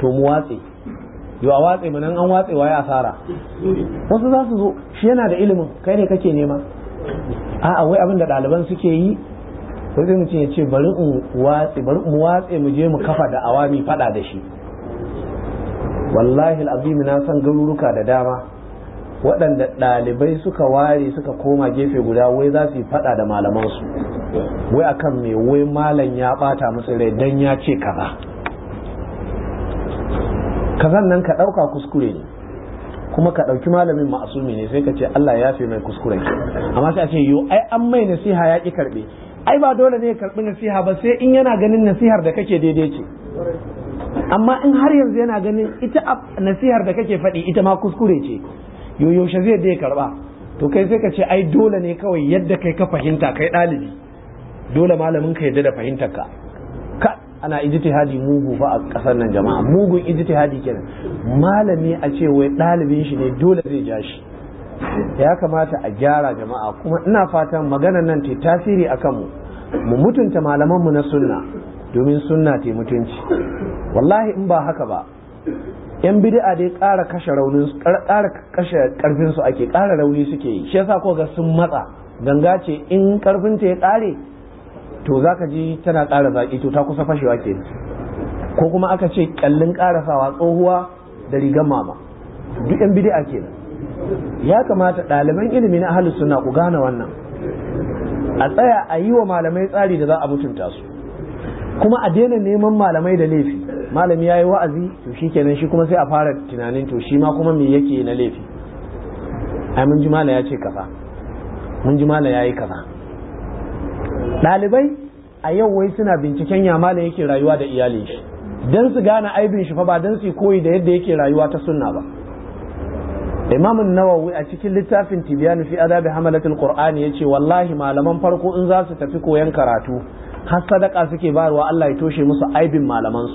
to mu watse yo a watse mu nan an watse waye asara wasu za su zo shi yana da ilimin kai ne kake nema a'a wai abin da ɗaliban suke yi sai sai mutum ya ce bari in watse bari mu watse mu je mu kafa da awami fada da shi wallahi al'azim na san garuruka da dama waɗanda ɗalibai suka ware suka koma gefe guda wai za su yi fada da malamansu wai akan me wai malam ya ɓata musu rai dan ya ce kaza kazan nan ka ɗauka kuskure ne kuma ka ɗauki malamin ma'asumi ne sai ka ce Allah ya fi mai kuskure amma sai a ce yo ai an mai nasiha ya ki karɓe ai ba dole ne ya karɓi nasiha ba sai in yana ganin nasihar da kake daidai ce amma in har yanzu yana ganin ita nasihar da kake faɗi ita ma kuskure ce yo yaushe zai dai karɓa to kai sai ka ce ai dole ne kawai yadda kai ka fahimta kai ɗalibi dole malamin ka yadda da fahimtar ka ana ijtihadi mugu fa a kasar nan jama'a mugun hadi kenan malami a ce wai ɗalibin shi ne dole zai ja shi ya kamata a gyara jama'a kuma ina fatan maganar nan ta tasiri a kanmu mu mutunta malamanmu na sunna domin sunna ta mutunci wallahi in ba haka ba yan bid'a dai ƙara kashe raunin ƙara kashe karfin ake ƙara rauni suke yi shi yasa ko ga sun matsa ganga ce in karfin ya ƙare to za ka ji tana ƙara zaƙi to ta kusa fashewa ke ko kuma aka ce kallin ƙarasawa tsohuwa da rigar mama duk yan bidi'a kenan ya kamata ɗaliban ilimi na ahlus suna ku gane wannan a tsaya a yi wa malamai tsari da za a mutunta su kuma a daina neman malamai da laifi malami ya yi wa'azi to shi kenan shi kuma sai a fara tunanin to shi ma kuma me yake na laifi ai mun ji mala ya ce kaza mun ji ya yi kaza ɗalibai a yau wai suna binciken ya malam yake rayuwa da iyalin shi don su gane aibin shi fa ba don su koyi da yadda yake rayuwa ta sunna ba imam nawawi a cikin littafin tibiyan fi adabi hamalatul qur'ani yace wallahi malaman farko in za su tafi koyan karatu har sadaka suke bayarwa Allah ya toshe musu aibin malaman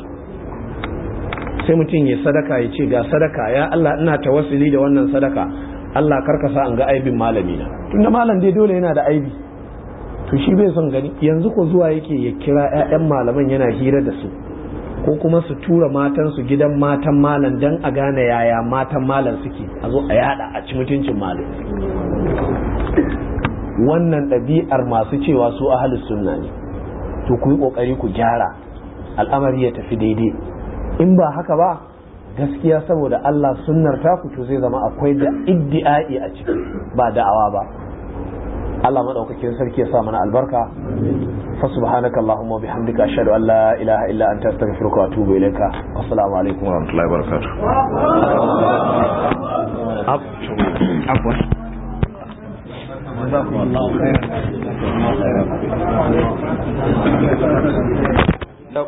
sai mutum ya sadaka ya ce ga sadaka ya Allah ina tawassuli da wannan sadaka Allah karkasa an ga aibin malami na tunda malam dai dole yana da aibi to shi bai son gani yanzu ko zuwa yake ya kira 'ya'yan malaman yana hira da su ko kuma su tura matansu gidan matan malam dan a gane yaya matan malam suke a zo a yada a ci mutuncin malam wannan ɗabi'ar masu cewa su a sunna ne to ku yi ƙoƙari ku gyara al'amari ya tafi daidai in ba haka ba gaskiya saboda Allah sunnar ku to zai zama akwai da iddi'ai a ciki ba da'awa ba Allah madaukakin sarki ya sa mana albarka fa subhanaka allahumma bihamdika ashhadu an la ilaha illa anta astaghfiruka wa atubu ilaika assalamu alaikum wa rahmatullahi wa barakatuh afwan جزاكم الله خيرا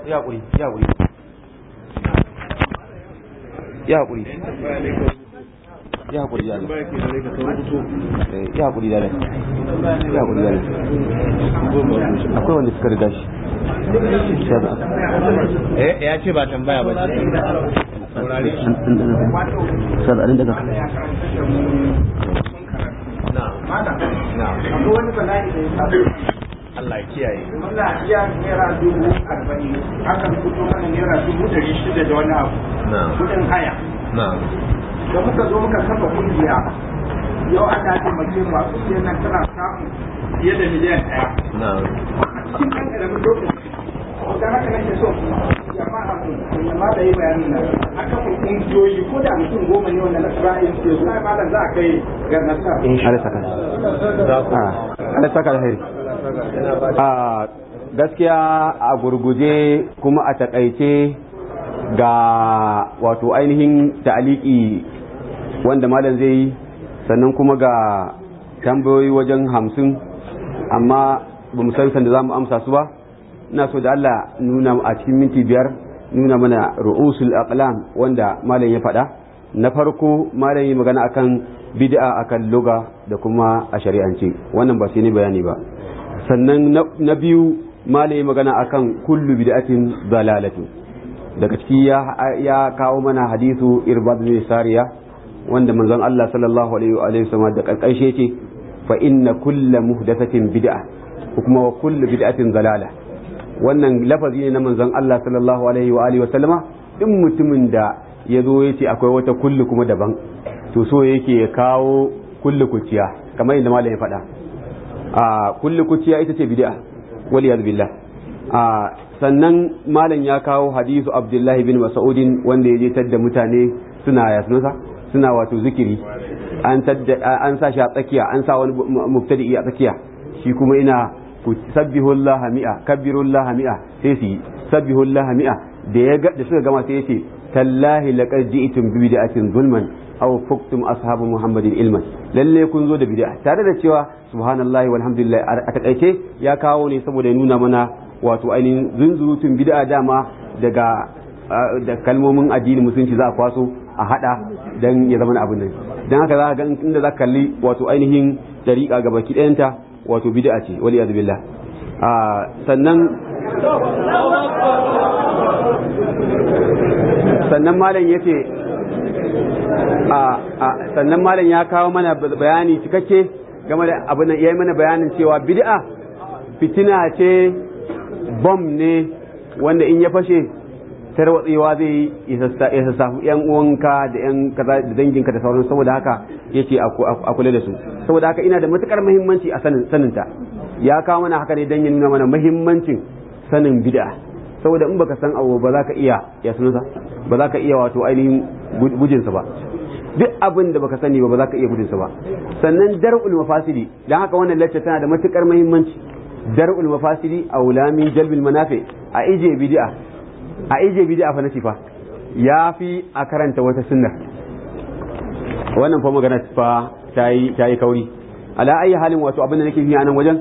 يا قوي يا قوي يا قوي ya hakuri da ya hakuri da eh, ya akwai wanda suka riga shi eh, ya ce ba tambaya ba daga Allah kiyaye. dubu arba'in, hakan mana dubu dari shida da wani abu. Kudin haya. da muka zo muka kafa kungiya yau an da taimake mu a kungiyar nan tana samun fiye da miliyan ɗaya cikin kan ƙaramin lokaci da haka nake so jama'a mu jama'a da yi bayanin nan aka mu kungiyoyi ko da mutum goma ne wanda na tsara yin ce za da za a kai ga nasara in Allah saka ah, Allah saka alheri a ah, gaskiya a gurguje kuma a takaice ga wato ainihin ta'aliki wanda malam zai yi sannan kuma ga tambayoyi wajen hamsin amma ba mu san sanda za mu amsa su ba ina so da Allah nuna a cikin minti biyar nuna mana ru'usul aqlam wanda malam ya faɗa na farko malam yi magana akan bid'a akan luga da kuma a shari'anci wannan ba sai ni bayani ba sannan na biyu malam yi magana akan kullu bid'atin dalalatu daga ciki ya kawo mana hadisu irbad sariya wanda manzon Allah sallallahu alaihi wa alihi sama da karkashe yake fa inna kullu muhdathatin bid'a kuma wa kullu bid'atin dalala wannan lafazi ne na manzon Allah sallallahu alaihi wa alihi sallama in mutumin da ya zo ya ce akwai wata kullu kuma daban to so yake ya kawo kullu kuciya kamar yadda malam ya faɗa a kullu kuciya ita ce bid'a wal yaz billah a sannan malam ya kawo hadisu abdullahi bin mas'udin wanda ya je tadda mutane suna yasnusa suna wato zikiri an sa shi a tsakiya an sa wani mubtadi a tsakiya shi kuma ina ku sabbihu Allah mi'a kabbiru mi'a sai su sabbihu mi'a da ya da suka gama sai yace tallahi laqad ji'tum bi bid'atin zulman aw fuktum ashabu muhammadin ilman lalle kun zo da bid'a tare da cewa subhanallahi walhamdulillah a takaice ya kawo ne saboda ya nuna mana wato ainihin zunzurutun bid'a dama daga da kalmomin addinin musulunci za a kwaso a hada dan ya zama abin nan dan haka za ka ga inda za kalli wato ainihin dariƙa ga baki ɗayanta wato bid'a ce wali azbillah a sannan sannan malam yace a sannan malam ya kawo mana bayani cikakke game da abin nan yayi mana bayanin cewa bid'a fitina ce bom ne wanda in ya fashe tarwatsewa zai ya sassafi yan uwanka da yan kaza da danginka da sauran saboda haka ya ce a kula da su saboda haka ina da matukar muhimmanci a saninta ya kawo mana haka ne dan nuna mana muhimmancin sanin bid'a saboda in baka san abu ba za ka iya ya sunansa ba za ka iya wato ainihin gujinsa ba duk abin da baka sani ba ba za ka iya gudunsa ba sannan dar'ul mafasidi dan haka wannan lacce tana da matukar muhimmanci dar'ul mafasidi aula min jalbil manafi a ije bid'a a ije bid'a fa nace fa fi a karanta wata sunna wannan fa magana fa tayi tayi kauri ala ayi halin wato abin da nake yi a nan wajen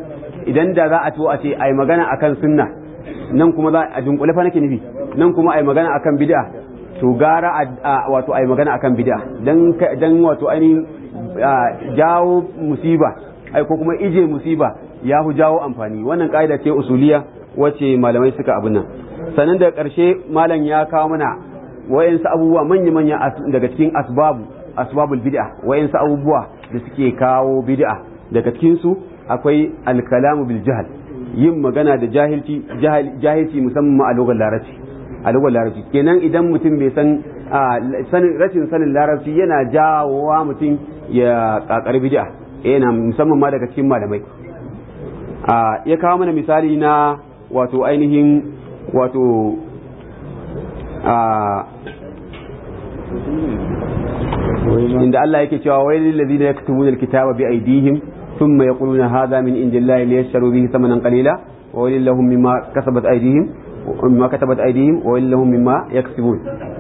idan da za a to a ce ai magana akan sunna nan kuma za a dunkule fa nake nufi nan kuma ai magana akan bid'a to gara wato ai magana akan bid'a dan dan wato ainihin jawo musiba ai ko kuma ije musiba ya hu jawo amfani wannan ka'ida ce usuliya wace malamai suka abin nan sannan daga ƙarshe malam ya kawo mana wayansu abubuwa manya-manya daga cikin asbabu asbabul bid'a wayansu abubuwa da suke kawo bid'a daga cikin su akwai al-kalamu bil jahl yin magana da jahilci jahilci musamman a lokacin larabci a lokacin larabci kenan idan mutum bai san rashin sanin larabci yana jawowa mutum ya kakar bid'a eh, yana musamman ma daga cikin malamai ya kawo mana misali na wato ainihin wato a inda Allah yake cewa wai lillazina yaktumun alkitaba bi aydihim thumma yaquluna hadha min indillahi liyashtaru bihi thamanan qalila wa wailil lahum mimma kasabat aydihim mimma katabat aydihim wa wailil lahum mimma ya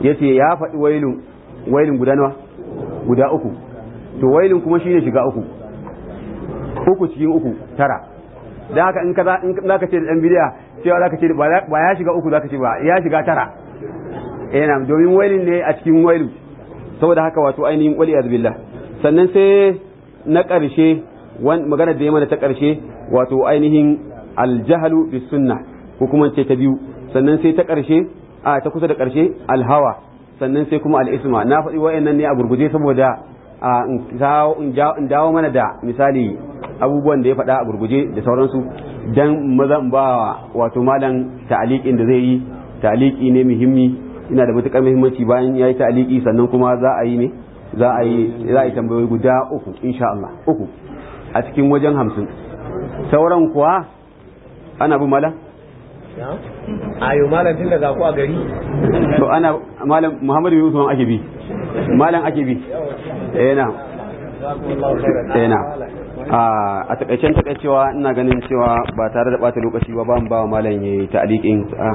yace ya faɗi wailun wailun guda nawa guda uku to wailun kuma shine shiga uku uku cikin uku tara dan haka in ka ce da ɗan bidiya cewa ka ce ba ya shiga uku ka ce ba ya shiga tara yana eh, domin wailin ne a cikin wailu saboda haka wato ainihin wali iyad sannan sai na ƙarshe magana da ya mana ta ƙarshe wato ainihin aljahalu bis sunna hukumance ta biyu sannan sai ta ƙarshe a ta kusa da ƙarshe alhawa sannan sai kuma al'isma na faɗi wa'annan ne a gurguje saboda in dawo mana da misali abubuwan da ya faɗa a gurguje da sauransu dan mazan ba wato malam ta'aliqin da zai yi ta'aliki ne muhimmi ina da matuƙar muhimmanci bayan ya yi ta'aliki sannan kuma za a yi ne za a yi za a yi tambayoyi guda uku insha Allah uku a cikin wajen hamsin sauran kuwa ana bu malam ayo malan tun da ga ku a gari to ana malam Muhammadu Yusuf ake bi malam ake bi eh na eh, a takaicen takaicewa ina ganin cewa ba tare da bata lokaci ba ban ba wa malam yi ta'liqin a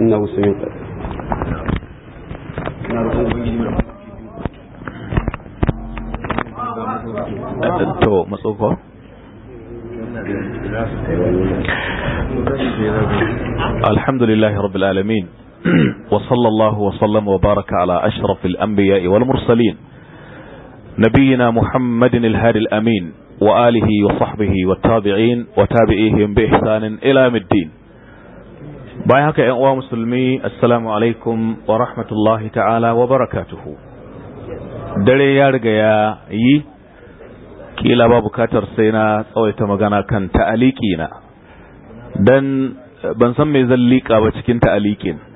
ina musulmi to matsoko لله رب العالمين وصلى الله وسلم وبارك على أشرف الأنبياء والمرسلين نبينا محمد الهادي الأمين وآله وصحبه والتابعين وتابعيهم بإحسان إلى يوم الدين باي هكا يا مسلمي السلام عليكم ورحمة الله تعالى وبركاته dare ya riga ya yi kila ba bukatar sai na tsawaita magana kan ta'aliki na dan ban san me zan liƙa ba cikin ta'alikin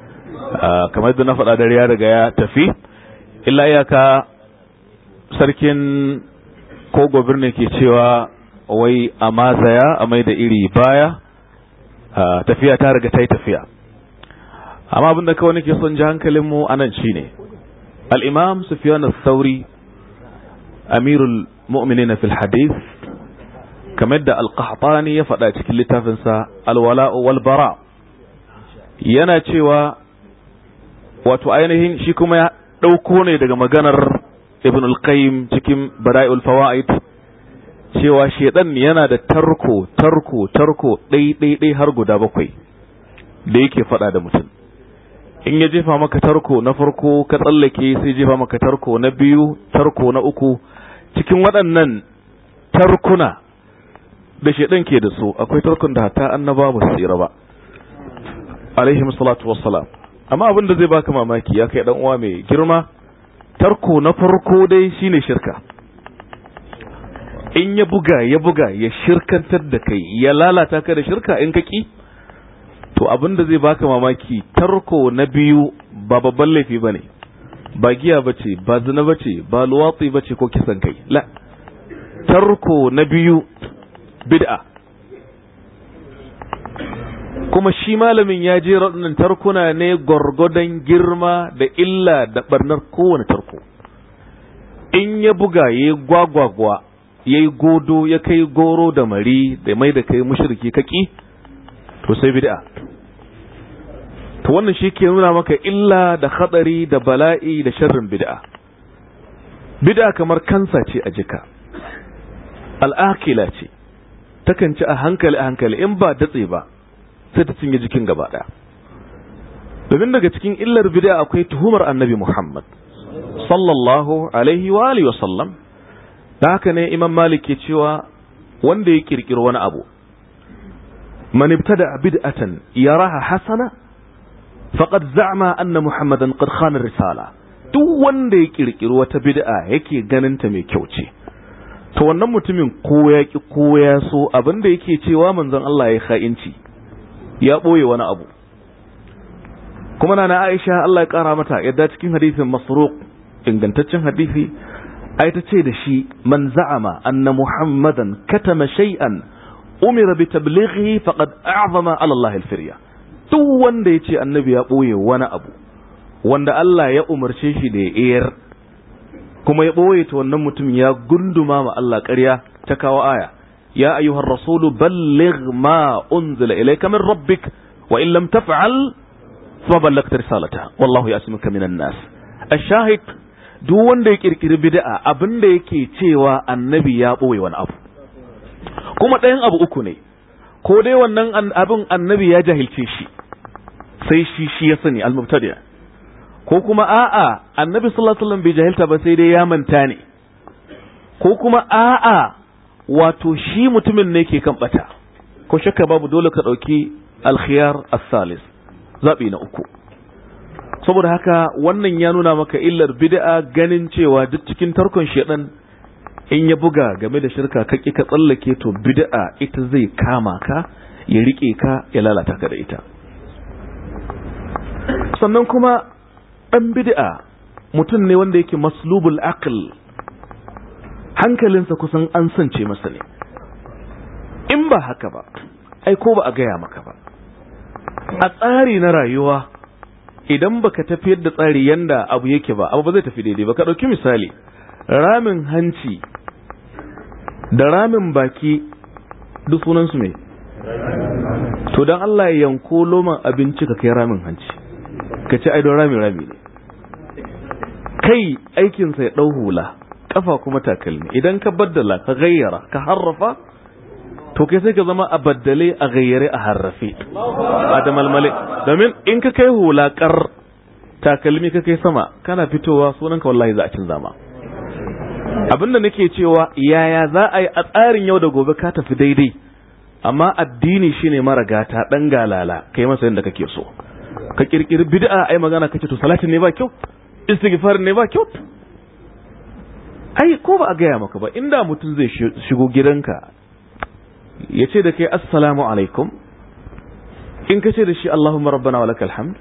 Ah, kamar yadda na faɗa dare ya riga ya tafi illa iyaka sarkin ko birnin ke cewa wai a mazaya a mai da iri baya ah, tafiya ta riga ta yi tafiya amma abinda kawai nake son ji hankalinmu a nan shi ne al'imam na sauri amirul mu’amini na filhadis kamar da alƙahtani ya faɗa cikin littafinsa alwala’uwal bara yana cewa wato ainihin shi kuma ya ɗauko ne daga maganar ibn al-qayyim cikin bara'ul fawaid cewa shedan yana da tarko tarko tarko ɗai ɗai ɗai har guda bakwai da yake faɗa da mutum in ya jefa maka tarko na farko ka tsallake sai jefa maka tarko na biyu tarko na uku cikin waɗannan tarkuna da shedan ke da su akwai tarkon da hatta annaba ba su tsira ba alaihi salatu wassalam amma abin da zai baka mamaki ya kai dan uwa mai girma tarko na farko dai shine shirka in ya buga ya buga ya shirkantar da kai ya lalata ka da shirka in kaki to abin da zai baka mamaki tarko na biyu ba babban laifi bane ba giya bace ba zina bace ba luwatsi bace ko kisan kai la tarko na biyu bid'a kuma shi malamin ya je raɗunan tarkuna ne gwargwadon girma da illa da ɓarnar kowane tarko in ya buga ya yi gwagwagwa ya yi godo ya kai goro da mari da mai da kai mushirki kaki to sai bid'a to wannan shi ke nuna maka illa da hatsari da bala'i da sharrin bid'a bid'a kamar kansa ce a jika al'akila ce takan ci a hankali a hankali in ba datse ba sai ta cinye jikin gaba daya domin daga cikin illar bid'a akwai tuhumar annabi Muhammad sallallahu alaihi wa alihi wasallam da haka ne imam malik ke cewa wanda ya kirkiro wani abu man ibtada bid'atan yaraha hasana faqad za'ama anna muhammadan qad khana risala duk wanda ya kirkiro wata bid'a yake ganin ta mai kyau ce to wannan mutumin ko ya ki ko ya so abinda yake cewa manzon Allah ya kha'inci ya ɓoye wani abu kuma na aisha Allah ya ƙara mata yadda cikin hadisin masruq ingantaccen hadisi ai ta ce da shi man za'ama anna muhammadan katama shay'an umira bi tablighi faqad a'zama ala Allah alfirya. duk wanda ya ce annabi ya boye wani abu wanda Allah ya umarce shi da ya yayar kuma ya ɓoye ta wannan mutum ya gunduma ma Allah ƙarya ta kawo aya يا أيها الرسول بلغ ما أنزل إليك من ربك وإن لم تفعل فبلغت والله يأسمك من الناس الشاهد duk wanda ya kirkiri bid'a abin da yake cewa annabi ya boye wani abu kuma ɗayan abu uku ne ko dai wannan abin annabi ya jahilce shi sai shi shi ya sani al ko kuma a'a annabi sallallahu alaihi wasallam bai jahilta ba sai dai ya manta ne ko kuma a'a wato shi mutumin ne ke kan bata ko shakka babu dole ka ɗauki alkhiyar as-salis zaɓi na uku saboda haka wannan ya nuna maka illar bid'a ganin cewa duk cikin tarkon shedan in ya buga game da shirka ka ka tsallake to bid'a ita zai kama ka ya rike ka ya lalata ka da ita sannan kuma dan bid'a mutum ne wanda yake maslubul aql hankalinsa kusan an sance masa ne in ba haka ba ai ko ba a gaya maka ba a tsari na rayuwa idan baka tafiyar da tsari yanda abu yake ba abu ba zai tafi daidai ba ka ɗauki misali ramin hanci da ramin baki duk sunansu mai to don Allah ya yanko loman abinci ka kai ramin hanci ka ci aidon rami rami ne kai aikinsa ya ɗau hula kafa kuma takalmi idan ka baddala ka gayyara ka harrafa to kai sai ka zama a baddale a gayyare a harrafe a da malmale domin in ka kai hulakar takalmi ka kai sama kana fitowa sunanka wallahi za a cin zama abinda nake cewa yaya za a yi a tsarin yau da gobe ka tafi daidai amma addini shine mara gata dan galala kai masa yadda kake so ka kirkiri bid'a ai magana kace to salati ne ba kyau istighfar ne ba kyau ai ko ba a gaya maka ba inda mutum zai shigo gidanka ya ce da kai assalamu alaikum in ka ce da shi Allahumma rabbana wa lakal hamd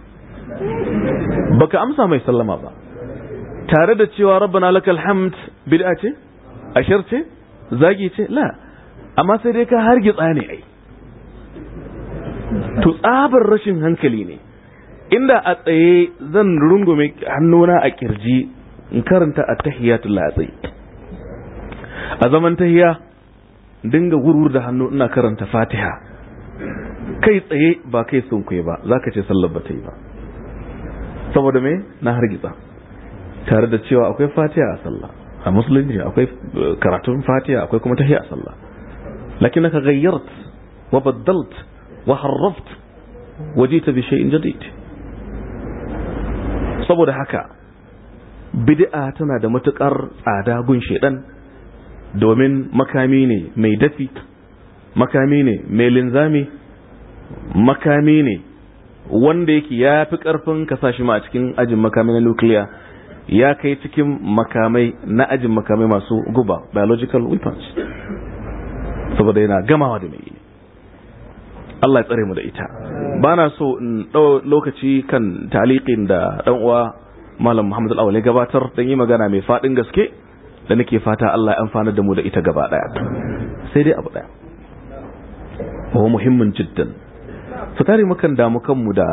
baka amsa mai sallama ba tare da cewa rabbana lakal hamd bid'a ce ashar ce zagi ce la amma sai dai ka hargitsa ne ai to tsabar rashin hankali ne inda a tsaye zan rungume hannuna a kirji in karanta a tahiyatul latsi a zaman tahiya dinga wurwur da hannu ina karanta fatiha kai tsaye ba kai sunkuye ba za ka ce sallar ba ta yi ba saboda me na hargitsa tare da cewa akwai fatiha a sallah a musulunci akwai eh, karatun fatiha akwai kuma tahiya a sallah lakin ka gayyart wa baddalt wa harraft wajita bi shay'in jadid saboda haka bid'a tana da matukar tsada gun shedan domin makami ne mai dafi makami ne mai linzami makami ne wanda yake ya fi karfin ka ma a cikin ajin makami na nukiliya ya kai cikin makamai na ajin makamai masu guba biological weapons saboda yana gamawa da mai Allah ya tsare mu da ita bana so in ɗau lokaci kan taliƙin da ɗan uwa malam Muhammad al-Awwal ya gabatar dan yi magana mai fadin gaske da nake fata Allah ya amfana da mu da ita gaba daya sai dai abu daya ko muhimmin jiddan su tare mu mukan damu kanmu da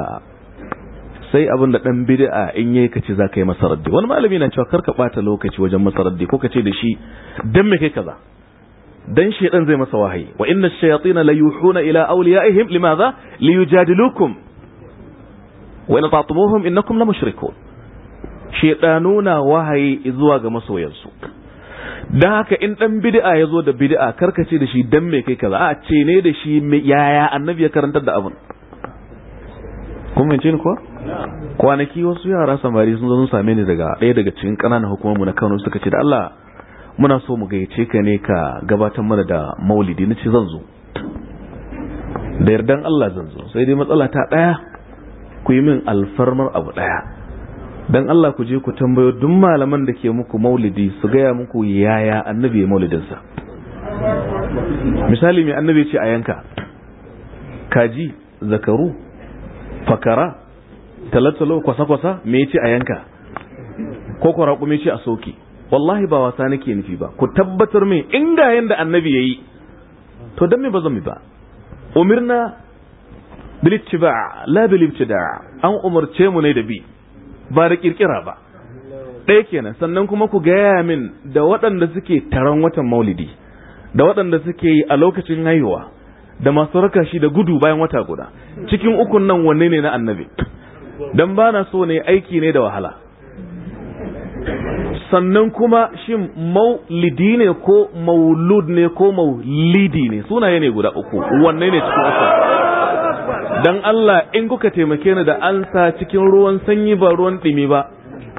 sai abin da dan bid'a in yayi kace za ka yi masa wani malami na cewa karka bata lokaci wajen masaraddi ko kace da shi dan me kai kaza dan shedan zai masa wahayi wa inna ash-shayatin la yuhuna ila awliyaihim limadha liyujadilukum wa in ta'tumuhum innakum la mushrikun shedanu nuna wahayi zuwa ga masoyansu don haka in dan bid'a ya zo da bid'a karkace da shi dan me kai kaza a ce ne da shi yaya annabi ya karantar da abin kun mince ni ko kwanaki wasu yara samari sun zo sun same ni daga ɗaya daga cikin ƙananan mu na Kano suka ce da Allah muna so mu gayyace ka ne ka gabatar mana da maulidi na ce zan zo da yardan Allah zan zo sai dai matsala ta ɗaya ku yi min alfarmar abu ɗaya dan Allah ku je ku tambayo duk malaman da ke muku maulidi su gaya muku yaya annabi ya maulidinsa misali mai annabi ce a yanka kaji zakaru fakara talatalo kwasa-kwasa me ce a yanka ko kwara kuma ce a soke wallahi ba wasa nake nufi ba ku tabbatar min in ga yanda annabi yayi to dan me ba zan ba umirna bil ittiba la bil ibtida an umarce mu ne da bi ba da kirkira ba ɗaya kenan sannan kuma ku gaya min da waɗanda suke taron watan maulidi da waɗanda suke yi a lokacin haihuwa da masu raka shi da gudu bayan wata guda cikin ukun nan wanne ne na annabi don ba na so ne aiki ne da wahala sannan kuma shin maulidi ne ko maulud ne ko maulidi ne sunaye ne guda uku wanne ne cikin uku dan Allah in kuka taimake ni da ansa cikin ruwan sanyi ba ruwan ɗimi ba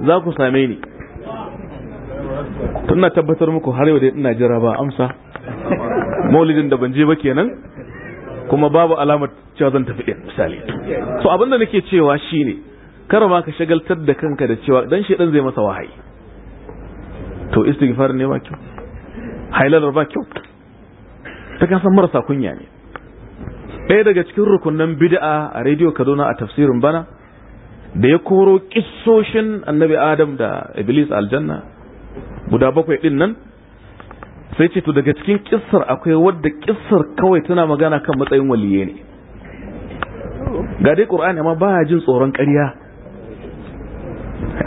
za ku same ni tun tabbatar muku har yau da ina jira ba amsa maulidin da ban je ba kenan kuma babu alamar cewa zan tafi ɗin misali so abin abinda nake cewa shine kar ma ka shagaltar da kanka da cewa dan shedan zai masa wahayi to istighfar ne ba kyau hailalar ba kyau ta kasan marasa kunya ne ɗaya daga cikin rukunan bid'a a rediyo kaduna a tafsirin bana da ya koro kissoshin annabi adam da iblis aljanna guda bakwai ɗin nan sai ce to daga cikin kissar akwai wadda kissar kawai tana magana kan matsayin waliye ne ga dai ƙur'ani amma ba jin tsoron ƙarya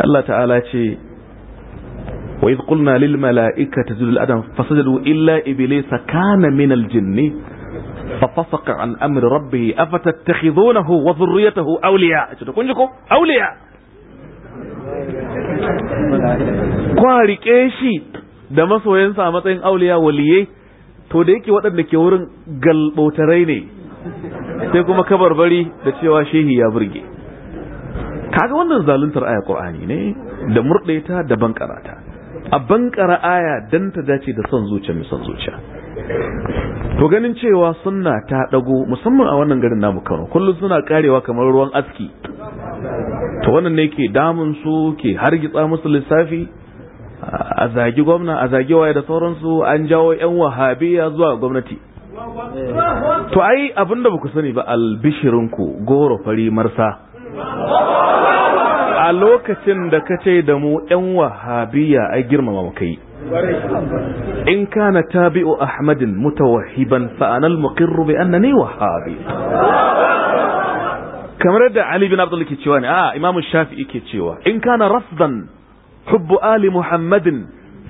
Allah ta'ala ce wa iz qulna lil mala'ikati adam fasajadu illa iblisa kana min al jinni ففسق عن امر ربه افتتخذونه وذريته اولياء ce kun ji auliya shi da masoyansa a matsayin auliya waliye, to da yake waɗanda ke wurin galbotarai ne sai kuma kabarbari da cewa shehi ya burge kaga wannan zaluntar aya ƙur'ani ne da murɗeta da bankarata a bankara aya dan ta dace da son zuciya mai son zuciya to ganin cewa sunna ta dago musamman a wannan garin namu Kano kullum suna karewa kamar ruwan aski to wannan ne ke damun su ke hargitsa musu lissafi a zagi gwamna a zagi waye da sauransu an jawo yan wahabiya zuwa gwamnati to ai abinda ba ku sani ba albishirinku goro fari marsa a lokacin da ka ce da mu yan wahabiya ai girmama mu kai إن كان تابع أحمد متوهبا فأنا المقر بأنني وهابي كما رد علي بن عبد الله كيتشواني آه إمام الشافعي كيتشوا إن كان رفضا حب آل محمد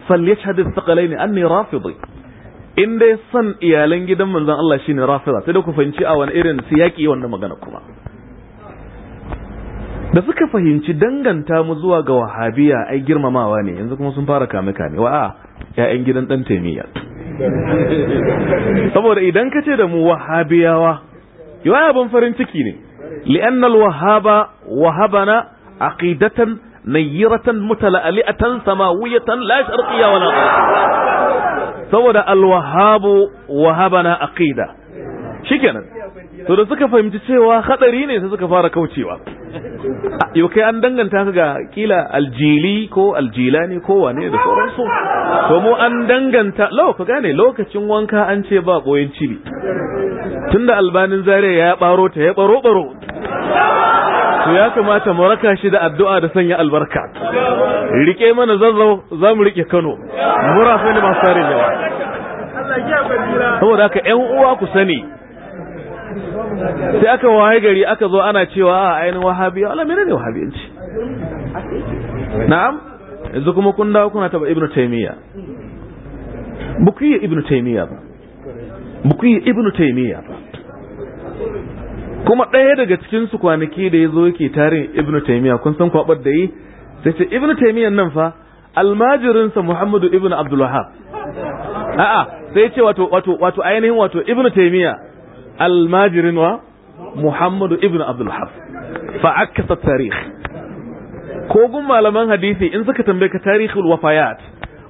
فليشهد الثقلين أني رافضي إن دي صن إيالين جدا من الله شيني رافضا تدوكو فإن شاء وان إيرن سياكي وان مغانا كما da suka fahimci danganta mu zuwa ga wahabiya ai girmamawa ne yanzu kuma sun fara kame kame wa'a ah, ya'yan gidan dan taimiyya saboda idan ka ce da mu wahabiyawa yawa abin farin ciki ne li'annal wahaba wahabana aqidatan nayyiratan mutala'ali'atan samawiyatan la sharqiyya wala saboda alwahabu wahabana aqida shikenan to da suka fahimci cewa hadari ne sai suka fara kaucewa ah, yau kai an danganta ka ga kila aljili ko aljilani ko wane da sauransu to mu an danganta lo ka gane lokacin wanka an ce ba koyin cibi tunda albanin zare ya baro ta ya baro baro to ya kamata mu raka shi da addu'a da sanya albarka rike mana zazzau za mu rike Kano mura sai masu tarin yawa saboda haka ƴan uwa ku sani sai aka waye gari aka zo ana cewa a ainihin wahabiya ala menene wahabiyanci na'am yanzu kuma kun dawo kuna taba ibnu taymiya bukuyi ku yi ibnu taymiya ba bukuyi ku yi ibnu taymiya ba kuma ɗaya daga cikin su kwanaki da ya zo yake tarin ibnu taymiya kun san kwabar da yi sai ce ibnu taymiyan nan fa almajirinsa muhammadu ibnu abdul wahab a'a sai ce wato wato wato ainihin wato ibnu taymiya almajirin wa muhammadu ibn abdulhaf fa'akasa tarih kogun malaman hadisi in suka tambaye ka tarihul wafayat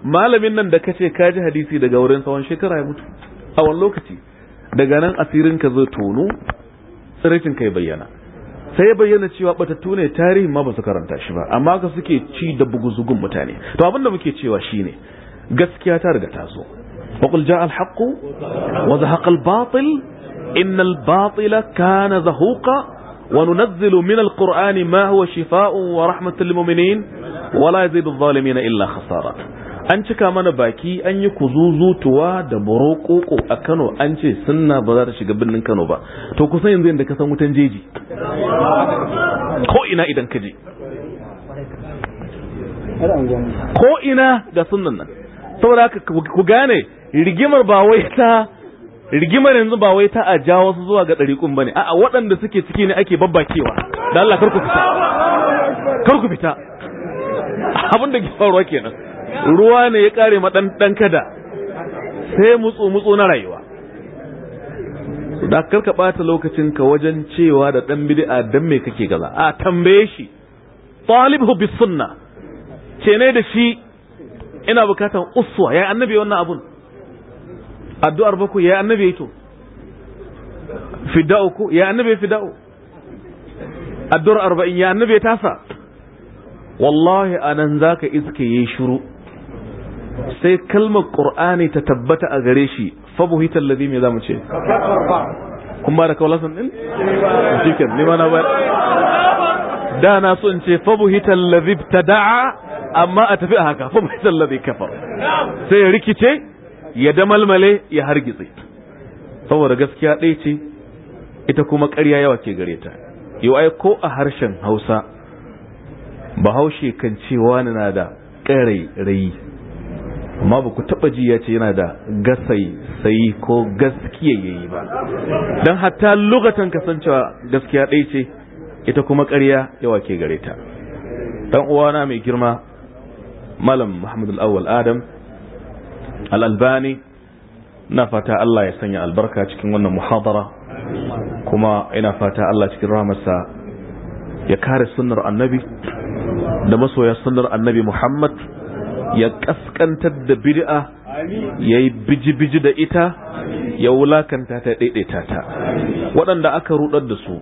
malamin nan da kace ka ji hadisi daga wurin tsawon shekara ya mutu a wani lokaci daga nan asirin ka zai tono tsirrikin kai bayyana sai ya bayyana cewa batattu ne tarihin ma ba su karanta shi ba amma ka suke ci da buguzugun mutane to abin da muke cewa shine gaskiya ta riga ta zo وقل جاء الحق وزهق الباطل إن الباطل كان زهوقا وننزل من القرآن ما هو شفاء ورحمة للمؤمنين ولا يزيد الظالمين إلا خسارة an cika mana baki an yi kuzuzutuwa da morokoko a kano an ce sunna ba za ta shiga birnin kano ba to kusan yanzu yadda ka san wutan jeji ko ina idan ka je ko ina ga sunan nan saboda ku gane rigimar ba wai ta rigimar yanzu ba wai ta a jawo su zuwa ga ɗariƙun ba ne a waɗanda suke ciki ne ake babbakewa da Allah kar ku fita karku fita abin da ke faruwa kenan ruwa ne ya kare ma ɗan ɗan kada sai mutsu mutsu na rayuwa da kar ka lokacin ka wajen cewa da ɗan bid'a dan me kake gaza a tambaye shi talibu bis sunna ce ne da shi ina bukatan uswa ya annabi wannan abun addu'ar ba ku ya annabi to fida'u ku ya annabi fida'u addu'ar arba'in ya annabi tasa wallahi anan zaka iske yayi shiru sai kalmar qur'ani ta tabbata a gare shi fa buhita alladhi me zamu ce kun ba da kawalasan din shikin ni ma na ba da na so in ce fa buhita ta ibtada'a amma a tafi a haka fa buhita alladhi kafar sai rikice ya damalmale ya hargitse saboda gaskiya ɗaya ce ita kuma ƙarya yawa ke gare ta yau ai ko a harshen hausa bahaushe kan cewa na da ƙarai rayi amma ba ku taba ji ya ce yana da gasai sai ko gaskiya yayi ba don hatta lokacin kasancewa gaskiya ɗaya ce ita kuma ƙarya yawa ke gare ta dan uwana mai girma malam Muhammadu al adam al-albani ina fata Allah ya sanya albarka cikin wannan muhadara kuma ina fata Allah cikin rahamarsa ya kare sunnar annabi da masoya sunnar annabi Muhammad ya kaskantar da bid'a ya yi biji-biji da ita ya wulakanta ta daidaita ta waɗanda aka rudar da su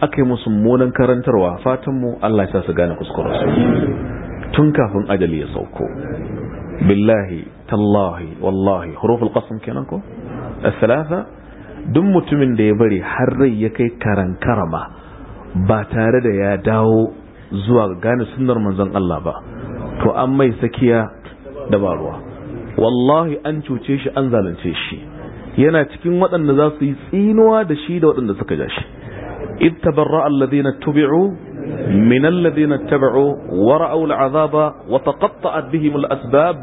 aka yi musu mummunan karantarwa fatanmu Allah ya sa su gane su tun kafin ajali ya sauko billahi tallahi wallahi huruful qasam kenan ko asalasa duk mutumin da ya bari har rai ya kai karan karama ba tare da ya dawo zuwa ga gane sunnar manzon Allah ba to an mai sakiya da ba ruwa wallahi an cuce shi an zalunce shi yana cikin waɗanda za su yi tsinuwa da shi da waɗanda suka ja shi إذ تبرأ الذين اتبعوا من الذين اتبعوا ورأوا العذاب وتقطعت بهم الأسباب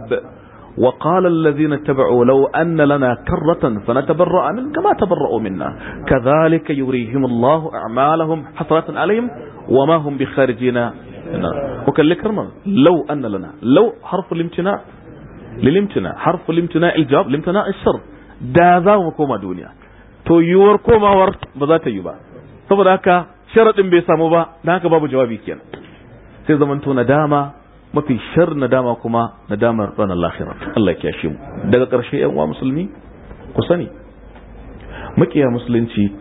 وقال الذين اتبعوا لو أن لنا كرة فنتبرأ من كما تبرأوا منا كذلك يريهم الله أعمالهم حسرات عليهم وما هم بخارجين وكان لكرما لو أن لنا لو حرف الامتناع للامتناع حرف الامتناع الجواب الامتناع الشر da za mu koma duniya to yiwuwar komawar ba za ta yi ba saboda haka sharaɗin bai samu ba da haka babu jawabi kenan sai zaman to nadama mafi shar nadama kuma nadamar ranar lahira. Allah ya mu daga ƙarshe yan uwa musulmi ku sani makiya musulunci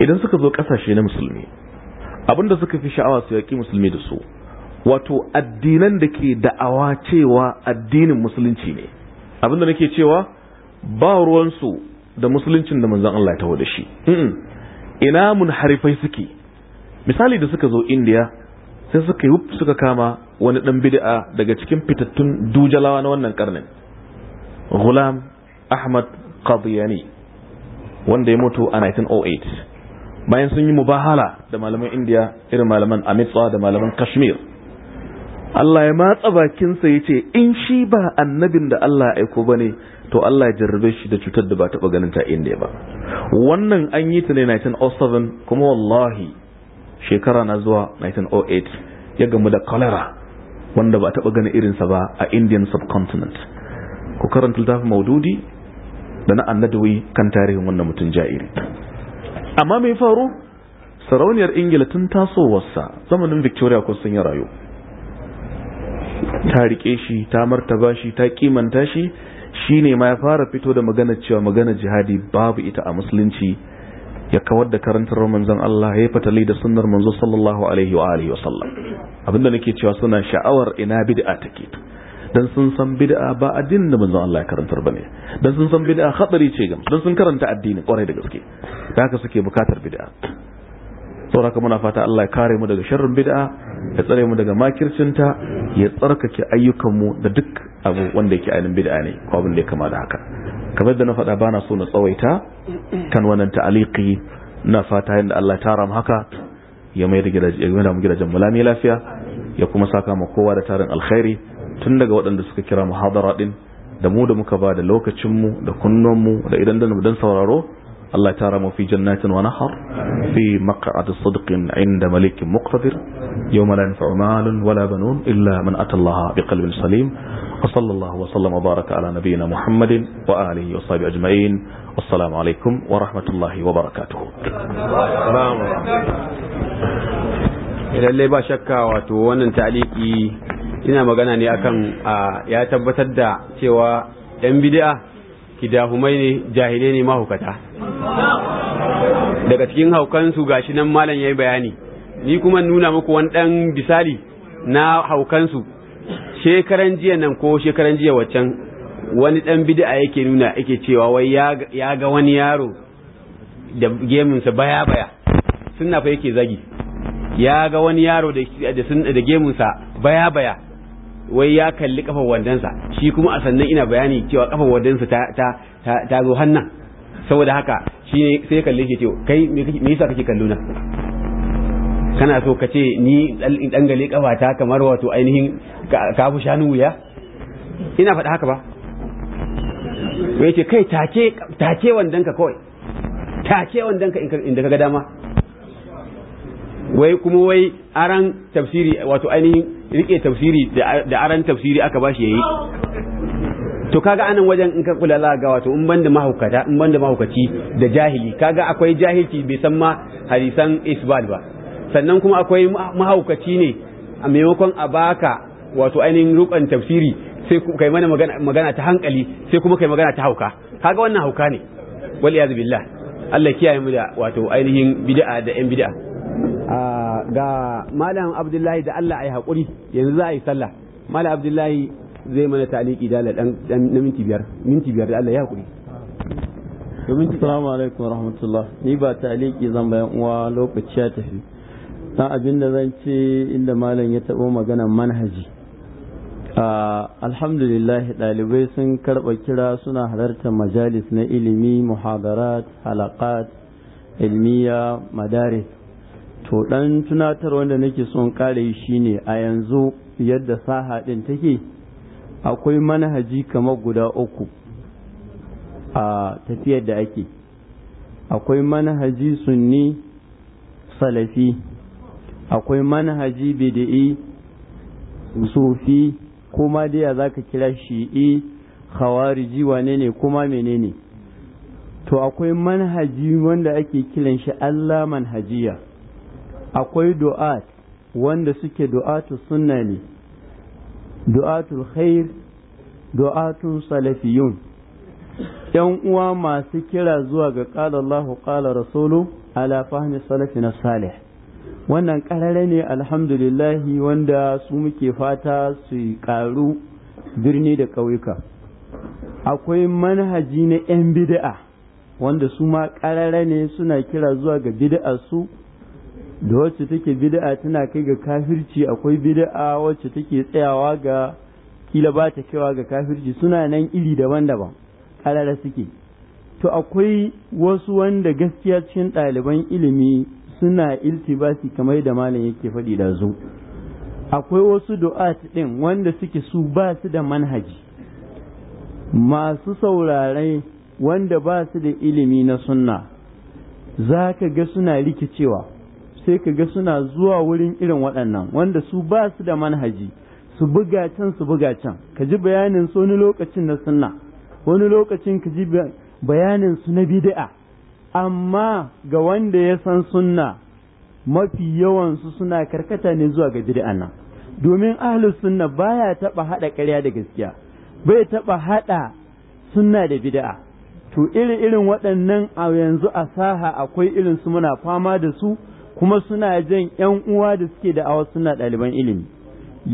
idan suka zo ƙasashe na musulmi abinda suka fi sha'awa su yaƙi musulmi da su wato addinan da ke da'awa cewa addinin musulunci ne abinda nake cewa ba ruwansu da musuluncin da manzan Allah ya taho da shi ina mun harifai suke misali da suka zo indiya sai suka yi suka kama wani dan bid'a daga cikin fitattun dujalawa na wannan karnin Gulam Ahmad Qadiyani wanda ya mutu a 1908 bayan sun yi mubahala da malaman Indiya irin malaman Amitsa da malaman Kashmir Allah ya matsa bakinsa ya ce in shi ba annabin da Allah ya aiko bane to Allah ya jarrabe shi da cutar da ba taɓa ganin ta India ba wannan an yi ta ne 1907 kuma wallahi shekara na zuwa 1908 ya gamu da cholera wanda ba taɓa ganin irinsa ba a indian subcontinent ku karanta littafin maududi da na annadawi kan tarihin wannan mutum ja'iri amma mai faru sarauniyar ingila tun tasowarsa zamanin victoria ko sun yi rayu ta rike shi ta martaba shi ta kimanta shi Shi ne ma ya fara fito da magana cewa magana jihadi babu ita a musulunci ya kawar da karantar manzon Allah ya fatali da sunnar manzo sallallahu alaihi wa alihi wasallam abinda nake cewa suna sha'awar ina bid'a take dan sun san bid'a ba addinin da manzon Allah ya karantar bane dan sun san bid'a khatari ce gam dan sun karanta addini kwarai da gaske da haka suke bukatar bid'a saboda haka muna fata Allah ya kare mu daga sharrin bid'a ya tsare mu daga makircinta ya tsarkake ayyukanmu da duk abu wanda yake ainihin bid'a ne ko abin da ya kama da haka kamar da na faɗa bana so na tsawaita kan wannan ta'aliki na fata yadda Allah ta ram haka ya mai da mu gidajen mu lami lafiya ya kuma saka mu kowa da tarin alkhairi tun daga waɗanda suka kira muhadara din da mu da muka ba da lokacin mu da mu da idan da dan sauraro الله تارم في جنات ونهر في مقعد صدق عند ملك مقتدر يوم لا ينفع مال ولا بنون إلا من أتى الله بقلب سليم وصلى الله وسلم وبارك على نبينا محمد وآله وصحبه أجمعين والسلام عليكم ورحمة الله وبركاته lallai ba shakka wato wannan ta'aliki ina magana ne akan ya tabbatar da cewa 'yan bid'a kidahumai ne jahilai ne mahaukata daga cikin haukansu gashi nan malam yayi bayani ni kuma nuna muku wani dan misali na haukansu shekaran jiya nan ko shekaran jiya waccan wani dan bid'a yake nuna yake cewa wai ya ga wani yaro da sa baya baya sunna fa yake zagi ya ga wani yaro da gemunsa baya baya wai ya kalli kafar wandansa shi kuma a sannan ina bayani cewa kafar wandansa ta ta ta, zo hannan saboda haka shi ne sai kalle shi ce kai me yasa kake kallo na kana so ka ce ni dan gale ta kamar wato ainihin kafu shanu wuya ina faɗa haka ba wai ce kai take take wandanka kawai take wandanka inda ka ga dama wai kuma wai aran tafsiri wato ainihin rike tafsiri da aran tafsiri aka bashi yayi to kaga anan wajen in ka kula la ga wato in banda mahaukata in banda mahaukaci da jahili kaga akwai jahilci bai san ma hadisan isbal ba sannan kuma akwai mahaukaci ne a maimakon a baka wato ainihin rukan tafsiri sai kai mana magana ta hankali sai kuma kai magana ta hauka kaga wannan hauka ne wal billah Allah kiyaye mu da wato ainihin bid'a da yan bid'a Ah, ga malam abdullahi da Allah ai hakuri yanzu za a yi sallah malam abdullahi zai mana taliki da dan na minti biyar minti biyar da Allah ya hakuri Assalamu alaikum rahmatullah ni ba taliki zan bayan uwa lokaci ya tafi dan abin da zan ce inda malam ya tabo maganar manhaji ah, alhamdulillah ɗalibai sun karɓa kira suna halartar majalis na ilimi muhadarat halaqat ilmiya madaris to ɗan tunatar wanda nake son kare shine a yanzu yadda saha ɗin take akwai manhaji kamar guda uku a tafiyar da ake akwai manhaji sunni salafi akwai manhaji bidi'i sufi kuma dai za ka kira shi'i khawariji wane ne kuma menene to akwai manhaji wanda ake kiran shi Allah manhajiya akwai du'a wanda suke du'atu sunna ne du'atul khair du'atun salafiyun ‘yan uwa masu kira zuwa ga qala Allahu qala Rasulu ala fahmi salafi na salih wannan ƙarare ne alhamdulillahi wanda su muke fata su ƙaru birni da ƙauyuka akwai manhaji na ‘yan bid'a wanda su ma ƙarare ne suna kira zuwa ga bid'a su da wacce take bid'a tana kai ga kafirci akwai bid'a wacce take tsayawa ga kila ba ta kaiwa ga kafirci suna nan iri daban-daban alala suke to akwai wasu wanda gaskiya cikin ɗaliban ilimi suna iltibasi kamar da malam yake faɗi da zu akwai wasu du'at ɗin wanda suke su ba su da manhaji masu saurare wanda ba su da ilimi na sunna za ka ga suna rikicewa sai ka ga suna zuwa wurin irin waɗannan wanda su ba su da manhaji su buga can su buga can ka ji bayanin su wani lokacin na sunna wani lokacin ka ji bayanin su na bid'a amma ga wanda ya san sunna mafi yawansu suna karkata ne zuwa ga bid'a nan domin ahlu sunna baya taba haɗa ƙarya da gaskiya bai taɓa haɗa sunna da bid'a to irin irin waɗannan a yanzu a saha akwai irin su muna fama da su kuma suna jan ‘yan uwa da suke da awa suna ɗaliban ilimi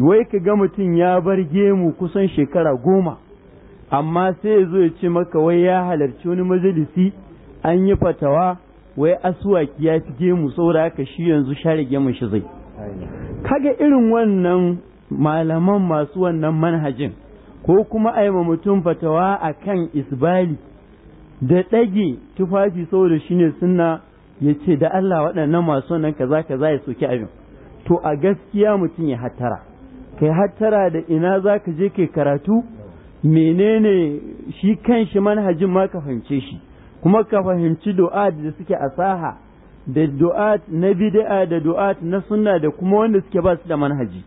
wai ka ga mutum ya bar gemu kusan shekara goma amma sai ya zo ya ce maka wai ya halarci wani majalisi an yi fatawa wai asuwaki ya fi gemu saura haka shi yanzu share gemun shi zai kaga irin wannan malaman masu wannan manhajin ko kuma a ma mutum fatawa a kan isbali da ɗage tufafi saboda shine suna ya ce da Allah waɗannan masu nan kaza kaza ya soke abin to a gaskiya mutum ya hattara kai hattara da ina za ka je ka karatu menene shi kan shi manhajin ma ka fahimce shi kuma ka fahimci du'a da suke asaha da du'a na bid'a da du'a na sunna da kuma wanda suke ba su da manhaji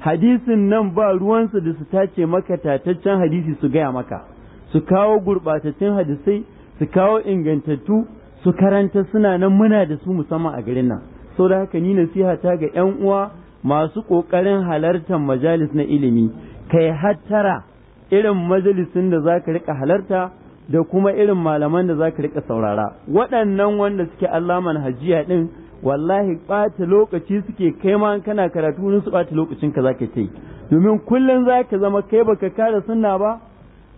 hadisin nan ba ruwansu da su tace maka tataccen hadisi su gaya maka su kawo gurɓatattun hadisai su kawo ingantattu su karanta suna nan muna da su musamman a garin nan sau da haka ni nasiha ta ga yan uwa masu ƙoƙarin halartar majalis na ilimi kai hattara irin majalisin da za ka riƙa halarta da kuma irin malaman da za ka riƙa saurara waɗannan wanda suke allaman hajiya ɗin, wallahi ɓata lokaci suke kai ma kana karatu su ɓata lokacin ka za ka ce domin kullum za ka zama kai baka kare suna ba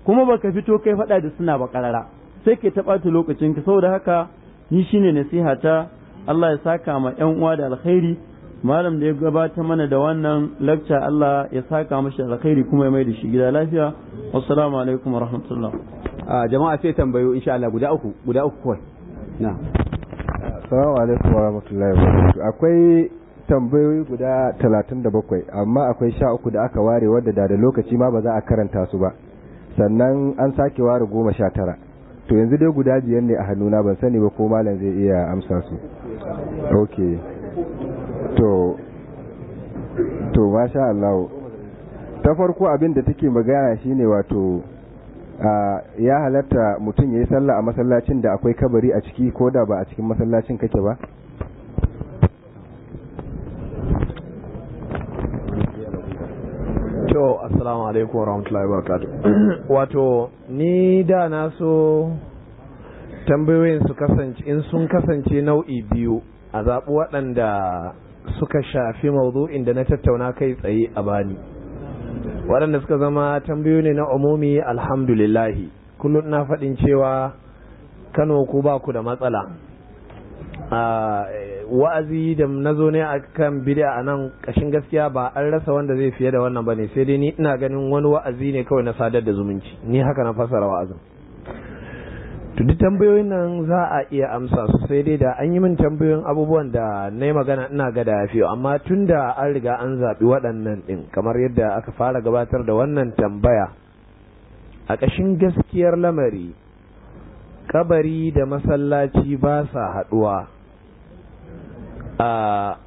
kuma baka fito kai faɗa da suna ba ƙarara. sai kai ta lokacin ka saboda haka ni shine nasiha ta Allah ya saka ma ƴan uwa da alkhairi malam da ya gabata mana da wannan lakca Allah ya saka mashi alkhairi kuma ya mai da shi gida lafiya wassalamu alaikum wa rahmatullah a jama'a sai tambayo insha Allah guda uku guda uku kawai na assalamu alaikum wa rahmatullahi wa akwai tambayoyi guda 37 amma akwai sha uku da aka ware wadda da da lokaci ma ba za a karanta su ba sannan an sake ware goma sha tara to yanzu dai guda biyan ne a hannuna ban sani ba ko malam zai iya amsa su ok to to masha Allah ta farko abin da take magana shine wato ya halatta mutum ya yi sallah a masallacin da akwai kabari a ciki ko da ba a cikin masallacin kake ba assalamu alaikum wa rahmatullahi wa wato ni da na so tambayoyin su kasance in sun kasance nau'i biyu a zaɓi waɗanda suka shafi mawdu'in da na tattauna kai tsaye a bani waɗanda suka zama tambayoyi ne na umumi alhamdulillahi kullum na faɗin cewa kano ku ba ku da matsala ah, wa'azi da na zo ne a kan bid'a a nan ƙashin gaskiya ba an rasa wanda zai fiye da wannan ba ne sai dai ni ina ganin wani wa'azi ne kawai na sadar da zumunci ni haka na fasara wa'azin to duk tambayoyin nan za a iya amsa su sai dai da an yi min tambayoyin abubuwan da na yi magana ina ga da yafi amma tun da an riga an zaɓi waɗannan ɗin kamar yadda aka fara gabatar da wannan tambaya a ƙashin gaskiyar lamari kabari da masallaci ba sa haɗuwa a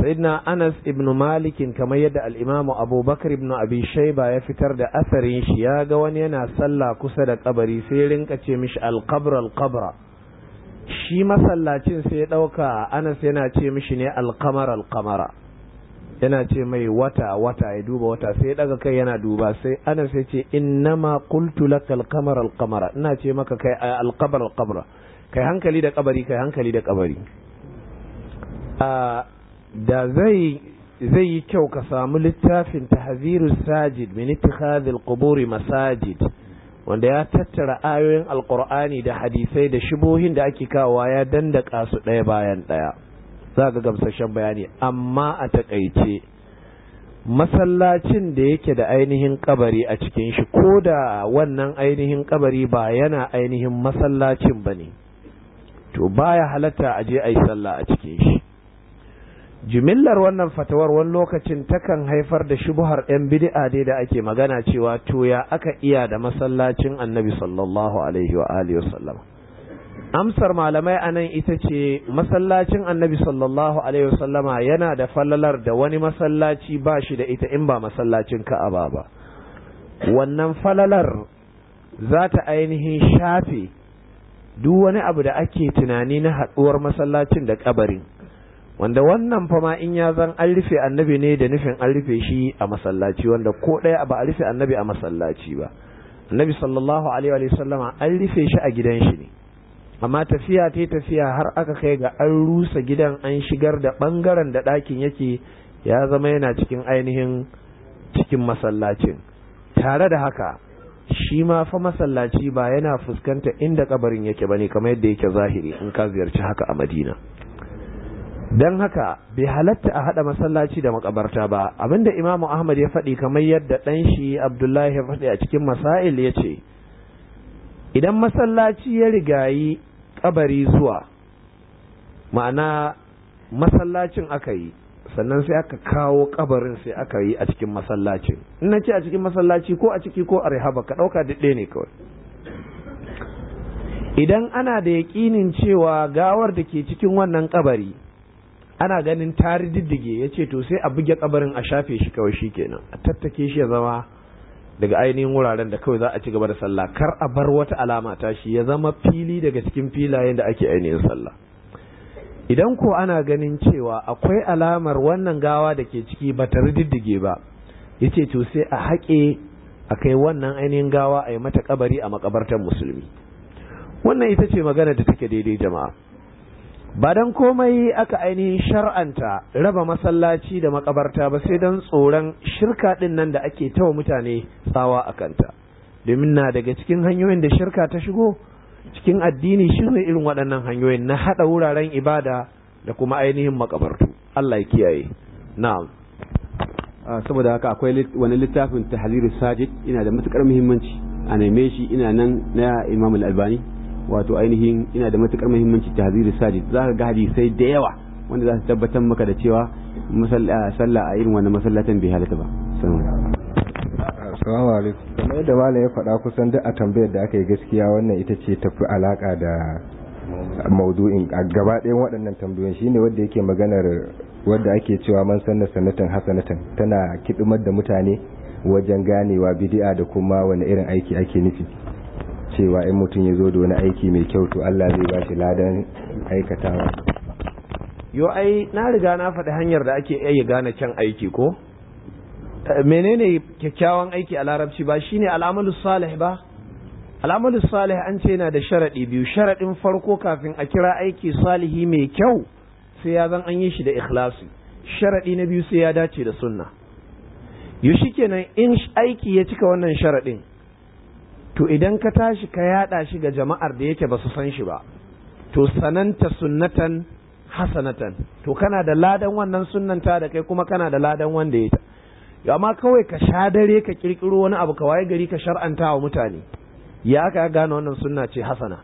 sayyidina anas ibn malikin kamar yadda al'imamu abubakar ibn abi shaiba ya fitar da asarin shi ya ga wani yana sallah kusa da kabari sai rinka ce mishi alkabra alkabra shi masallacin sai ya ɗauka anas yana ce mishi ne alkamar alkamara yana ce mai wata wata ya duba wata sai ya ɗaga kai yana duba sai anas ya ce innama qultu laka alkamar alkamara ina ce maka kai alkabar alkabra kai hankali da kabari kai hankali da kabari a da zai zai yi kyau ka samu littafin tahzirus sajid min ittikhadhil quburi masajid wanda ya tattara ayoyin alqur'ani da hadisai da shubuhin da ake kawowa ya dandaka su ɗaya bayan ɗaya za ga gamsashen bayani amma a takaice masallacin da yake da ainihin kabari a cikin shi ko da wannan ainihin kabari ba yana ainihin masallacin ba ne to baya halatta a je a yi sallah a cikin shi jimillar wannan fatawar wani lokacin takan haifar da shubuhar 'yan bid'a dai da ake magana cewa toya aka iya da masallacin annabi sallallahu alaihi wa alihi wasallam amsar malamai anan ita ce masallacin annabi sallallahu alaihi wasallama yana da fallalar da wani masallaci ba shi da ita in ba masallacin ka'aba ba wannan falalar za ta ainihin shafe duk wani abu da ake tunani na haɗuwar masallacin da kabarin wanda wannan fa ma in ya zan an rufe annabi ne da nufin an rufe shi a masallaci wanda ko ɗaya ba a rufe annabi a masallaci ba annabi sallallahu alaihi wa sallama an rufe shi a gidan shi ne amma tafiya ta tafiya har aka kai ga an rusa gidan an shigar da ɓangaren da ɗakin yake ya zama yana cikin ainihin cikin masallacin tare da haka shi ma fa masallaci ba yana fuskanta inda kabarin yake bane kamar yadda yake zahiri in ka ziyarci haka a madina don haka bai halatta a haɗa masallaci da makabarta ba abinda imamu ahmad ya faɗi kamar yadda ɗan shi abdullahi ya faɗi a cikin masail ya ce idan masallaci ya rigayi kabari zuwa ma'ana masallacin aka yi sannan sai aka kawo ƙabarin sai aka yi a cikin masallacin in na ce a cikin masallaci ko a ciki ko a rihaba ka ɗauka daɗe ne kawai idan ana da yaƙinin cewa gawar da ke cikin wannan ƙabari. ana ganin tari diddige ya ce to sai a buge kabarin a shafe shi kawai shi kenan a tattake shi ya zama daga ainihin wuraren da kawai za a ci gaba da sallah kar a bar wata alama ta shi ya zama fili daga cikin filayen da ake ainihin sallah idan ko ana ganin cewa akwai alamar wannan gawa da ke ciki ba ta diddige ba ya ce to sai a haƙe a kai wannan ainihin gawa a yi mata kabari a makabartar musulmi wannan ita ce magana da take daidai jama'a ba don komai aka ainihin shar'anta raba masallaci da makabarta ba sai don tsoron shirka ɗin nan da ake tawa mutane tsawa a kanta domin na daga cikin hanyoyin da shirka ta shigo cikin addini shi ne irin waɗannan hanyoyin na haɗa wuraren ibada da kuma ainihin makabartu Allah ya kiyaye na'am saboda haka akwai wani littafin tahliru sajid ina da matukar muhimmanci a neme shi ina nan na imam albani wato ainihin ina da matukar muhimmanci tahzir sajid za ka ga sai da yawa wanda za su tabbatar maka da cewa sallah a irin wannan masallatan bai halatta ba assalamu alaikum kamar yadda malam ya faɗa kusan duk a tambayar da aka yi gaskiya wannan ita ce tafi alaka da mawdu'in a gaba ɗayan waɗannan tambayoyin shine wanda yake maganar wanda ake cewa man sanna sanatan hasanatan tana kidumar da mutane wajen ganewa bid'a da kuma wani irin aiki ake nufi cewa in mutum ya zo da wani aiki mai kyau to Allah zai ba shi ladan aikatawa yo ai na riga na faɗi hanyar da ake iya gane can aiki ko eh, menene kyakkyawan aiki a larabci ba shine al'amalu salih ba al'amalu salih an ce yana da sharaɗi biyu sharaɗin farko kafin a kira aiki salihi mai kyau sai ya zan an yi shi da ikhlasi sharaɗi na biyu sai ya dace da sunna yo kenan in aiki ya cika wannan sharaɗin to idan ka tashi ka yada shi ga jama'ar da yake ba su san shi ba to sananta sunnatan hasanatan to kana da ladan wannan sunnanta da kai kuma kana da ladan wanda ya ta amma kawai ka sha dare ka kirkiro wani abu ka waye gari ka shar'anta wa mutane ya aka gane wannan sunna ce hasana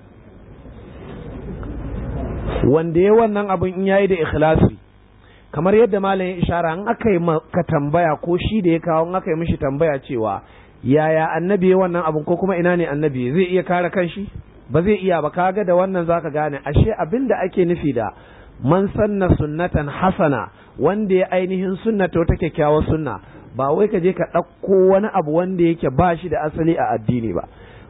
wanda ya wannan abin in yayi da ikhlasi kamar yadda malam ya ishara in aka yi ka tambaya ko shi da ya kawo in aka yi mishi tambaya cewa yaya annabi ya wannan abin ko kuma ina ne annabi zai iya kare kanshi ba zai iya ba kaga da wannan zaka gane ashe abin da ake nufi da man sanna sunnatan hasana wanda ya ainihin sunna to ta kyakkyawar sunna ba wai ka je ka ɗauko wani abu wanda yake ba shi da asali a addini ba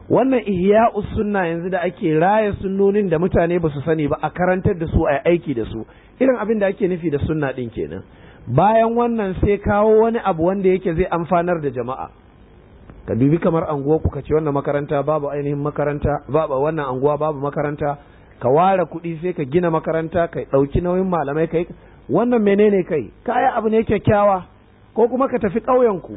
wannan ihya'u sunna yanzu da ake raya sunnonin da mutane ba su sani ba a karantar da su a aiki da su irin abin da ake nufi da sunna din kenan bayan wannan sai kawo wani abu wanda yake zai amfanar da jama'a ka dubi kamar anguwa ku kace wannan makaranta babu ainihin makaranta babu wannan anguwa babu makaranta ka ware kuɗi sai ka gina makaranta ka ɗauki nauyin malamai kai wannan menene kai kaya abu ne kyakkyawa ko kuma ka tafi kauyen ku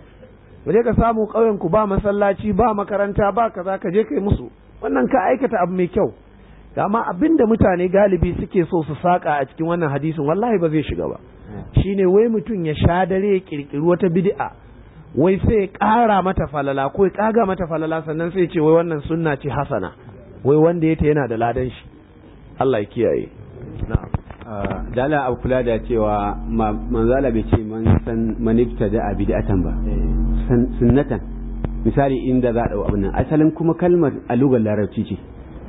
je ka samu kauyen ku ba masallaci ba makaranta ba kaza ka je kai musu wannan ka aikata abu mai kyau amma abin da mutane galibi suke so su saƙa a cikin wannan hadisin wallahi ba zai shiga ba shine wai mutum ya sha dare ya kirkiri wata bid'a wai sai ƙara mata falala ko ya ƙaga mata falala sannan sai ce wai wannan sunna ce hasana wai wanda ya ta yana da ladan shi Allah ya kiyaye ah, dala abu kula da cewa manzala bai ce man san manifta da bid'atan ba eh, sunnatan misali inda za a ɗau abin nan asalin kuma kalmar a lugar larabci ce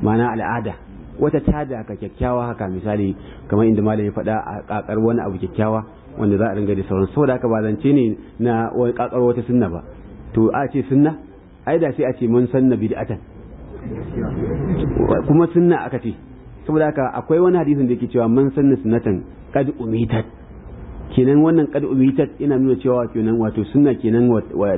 ma'ana al'ada wata caja ka kyakkyawa haka misali kamar inda malam ya faɗa a kakar wani abu kyakkyawa wanda za a ringa da sauran saboda haka ba zance ne na wani kakar wata sunna ba to a ce sunna ai da sai a ce mun sanna bid'atan kuma sunna aka ce saboda haka akwai wani hadisin da yake cewa mun sanna sunnatan qad umitat kenan wannan qad umitat ina nuna cewa kenan wato sunna kenan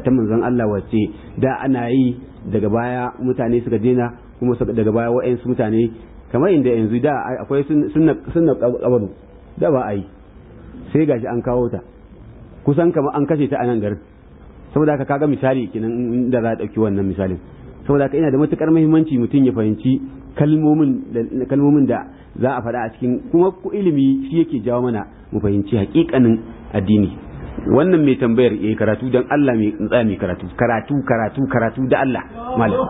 ta manzon Allah wace da ana yi daga baya mutane suka dena kuma daga baya wa'ansu mutane kamar inda yanzu da akwai sunna kabaru da ba a yi sai gashi an kawo ta kusan kamar an kashe ta a nan garin saboda haka kaga misali kenan da za a ɗauki wannan misalin saboda haka ina da matukar muhimmanci mutum ya fahimci kalmomin da za a faɗa a cikin kuma ilimi shi yake jawo mana mu fahimci hakikanin addini wannan mai tambayar yayi eh, karatu don Allah mai tsaya mai karatu karatu karatu karatu da Allah malam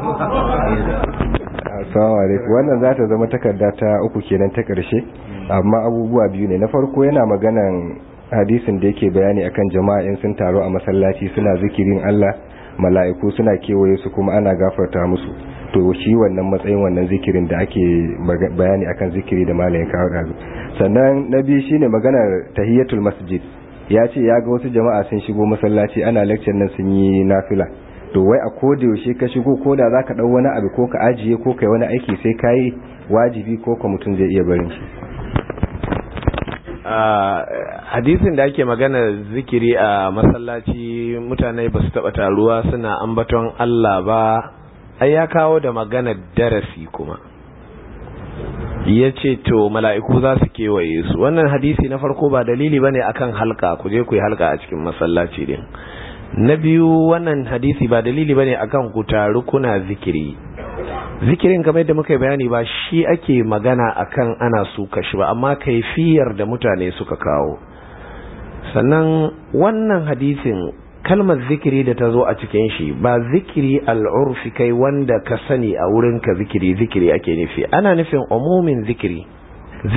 assalamu alaikum wannan za ta zama takarda ta uku kenan ta karshe amma abubuwa biyu ne na farko yana maganan hadisin da yake bayani akan jama'a sun taro a masallaci suna zikirin Allah mala'iku suna kewaye su kuma ana gafarta musu to shi wannan matsayin wannan zikirin da ake bayani akan zikiri da malayin kawo su sannan na biyu shine maganar tahiyatul masjid ya ce ya ga wasu jama'a sun shigo masallaci ana lecture nan sun yi nafila to wai a koda yaushe ka shigo ko da zaka dau wani abu ko ka ajiye ko kai wani aiki sai kai wajibi ko ka mutun zai iya barin shi hadisin da ake magana zikiri a masallaci mutane ba su taba taruwa suna ambaton Allah ba ai ya kawo da magana darasi kuma ya ce to mala'iku za su kewaye su wannan hadisi na farko ba dalili ba akan halka ku je ku yi halka a cikin masallaci din na biyu wannan hadisi ba dalili bane akan ku taru kuna zikiri zikirin kamar da muka bayani ba shi ake magana akan ana suka shi ba amma kaifiyar da mutane suka kawo sannan wannan hadisin kalmar zikiri da ta zo a cikin shi ba zikiri al'urfi kai wanda ka sani a wurin ka zikiri zikiri ake nufi ana nufin umumin zikiri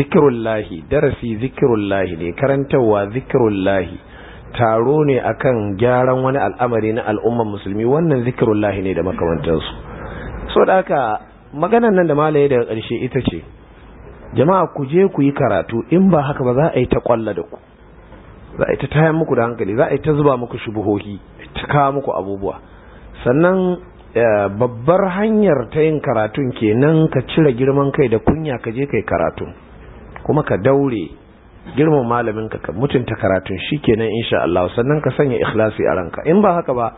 zikirullahi darasi zikirullahi ne karantarwa zikirullahi taro ne akan gyaran wani al'amari na al'umman musulmi wannan lahi ne da makamantansu so da aka maganan nan da malaye daga ƙarshe ita ce jama'a ku je ku yi karatu in ba haka ba za a yi ta ƙwalla da ku za a yi ta tayan muku da hankali za a yi ta zuba muku shubuhohi ta kawo muku abubuwa sannan eh, babbar hanyar ta yin karatun kenan ka cire girman kai da kunya ka je kai karatun kuma ka daure Girmama malamin ka mutunta karatun shi kenan insha Allah sannan ka sanya ikhlasi a ranka in ba haka ba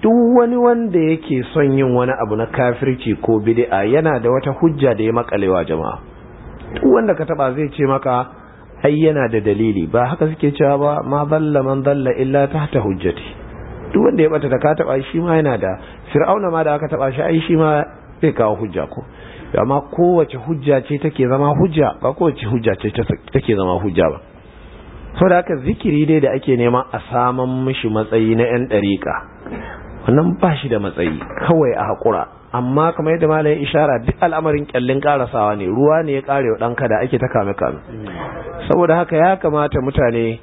duk wani wanda yake son yin wani abu na kafirci ko bid'a yana da wata hujja da ya makalewa jama'a duk wanda ka taba zai ce maka ai yana da dalili ba haka suke cewa ba ma dalla man dalla illa tahta hujjati duk wanda ya bata da ka taba shi ma yana da fir'auna ma da aka taba shi ai shi ma zai kawo hujja ko amma kowace hujja ce take zama hujja ba kowace hujja ce take zama hujja ba so da haka zikiri dai da ake nema a saman mishi matsayi na yan dariƙa. wannan ba shi da matsayi kawai a haƙura amma kamar yadda malayin ishara duk al'amarin kyallin ƙarasawa ne ruwa ne ya ƙare wa da ake ta kame kame saboda haka ya kamata mutane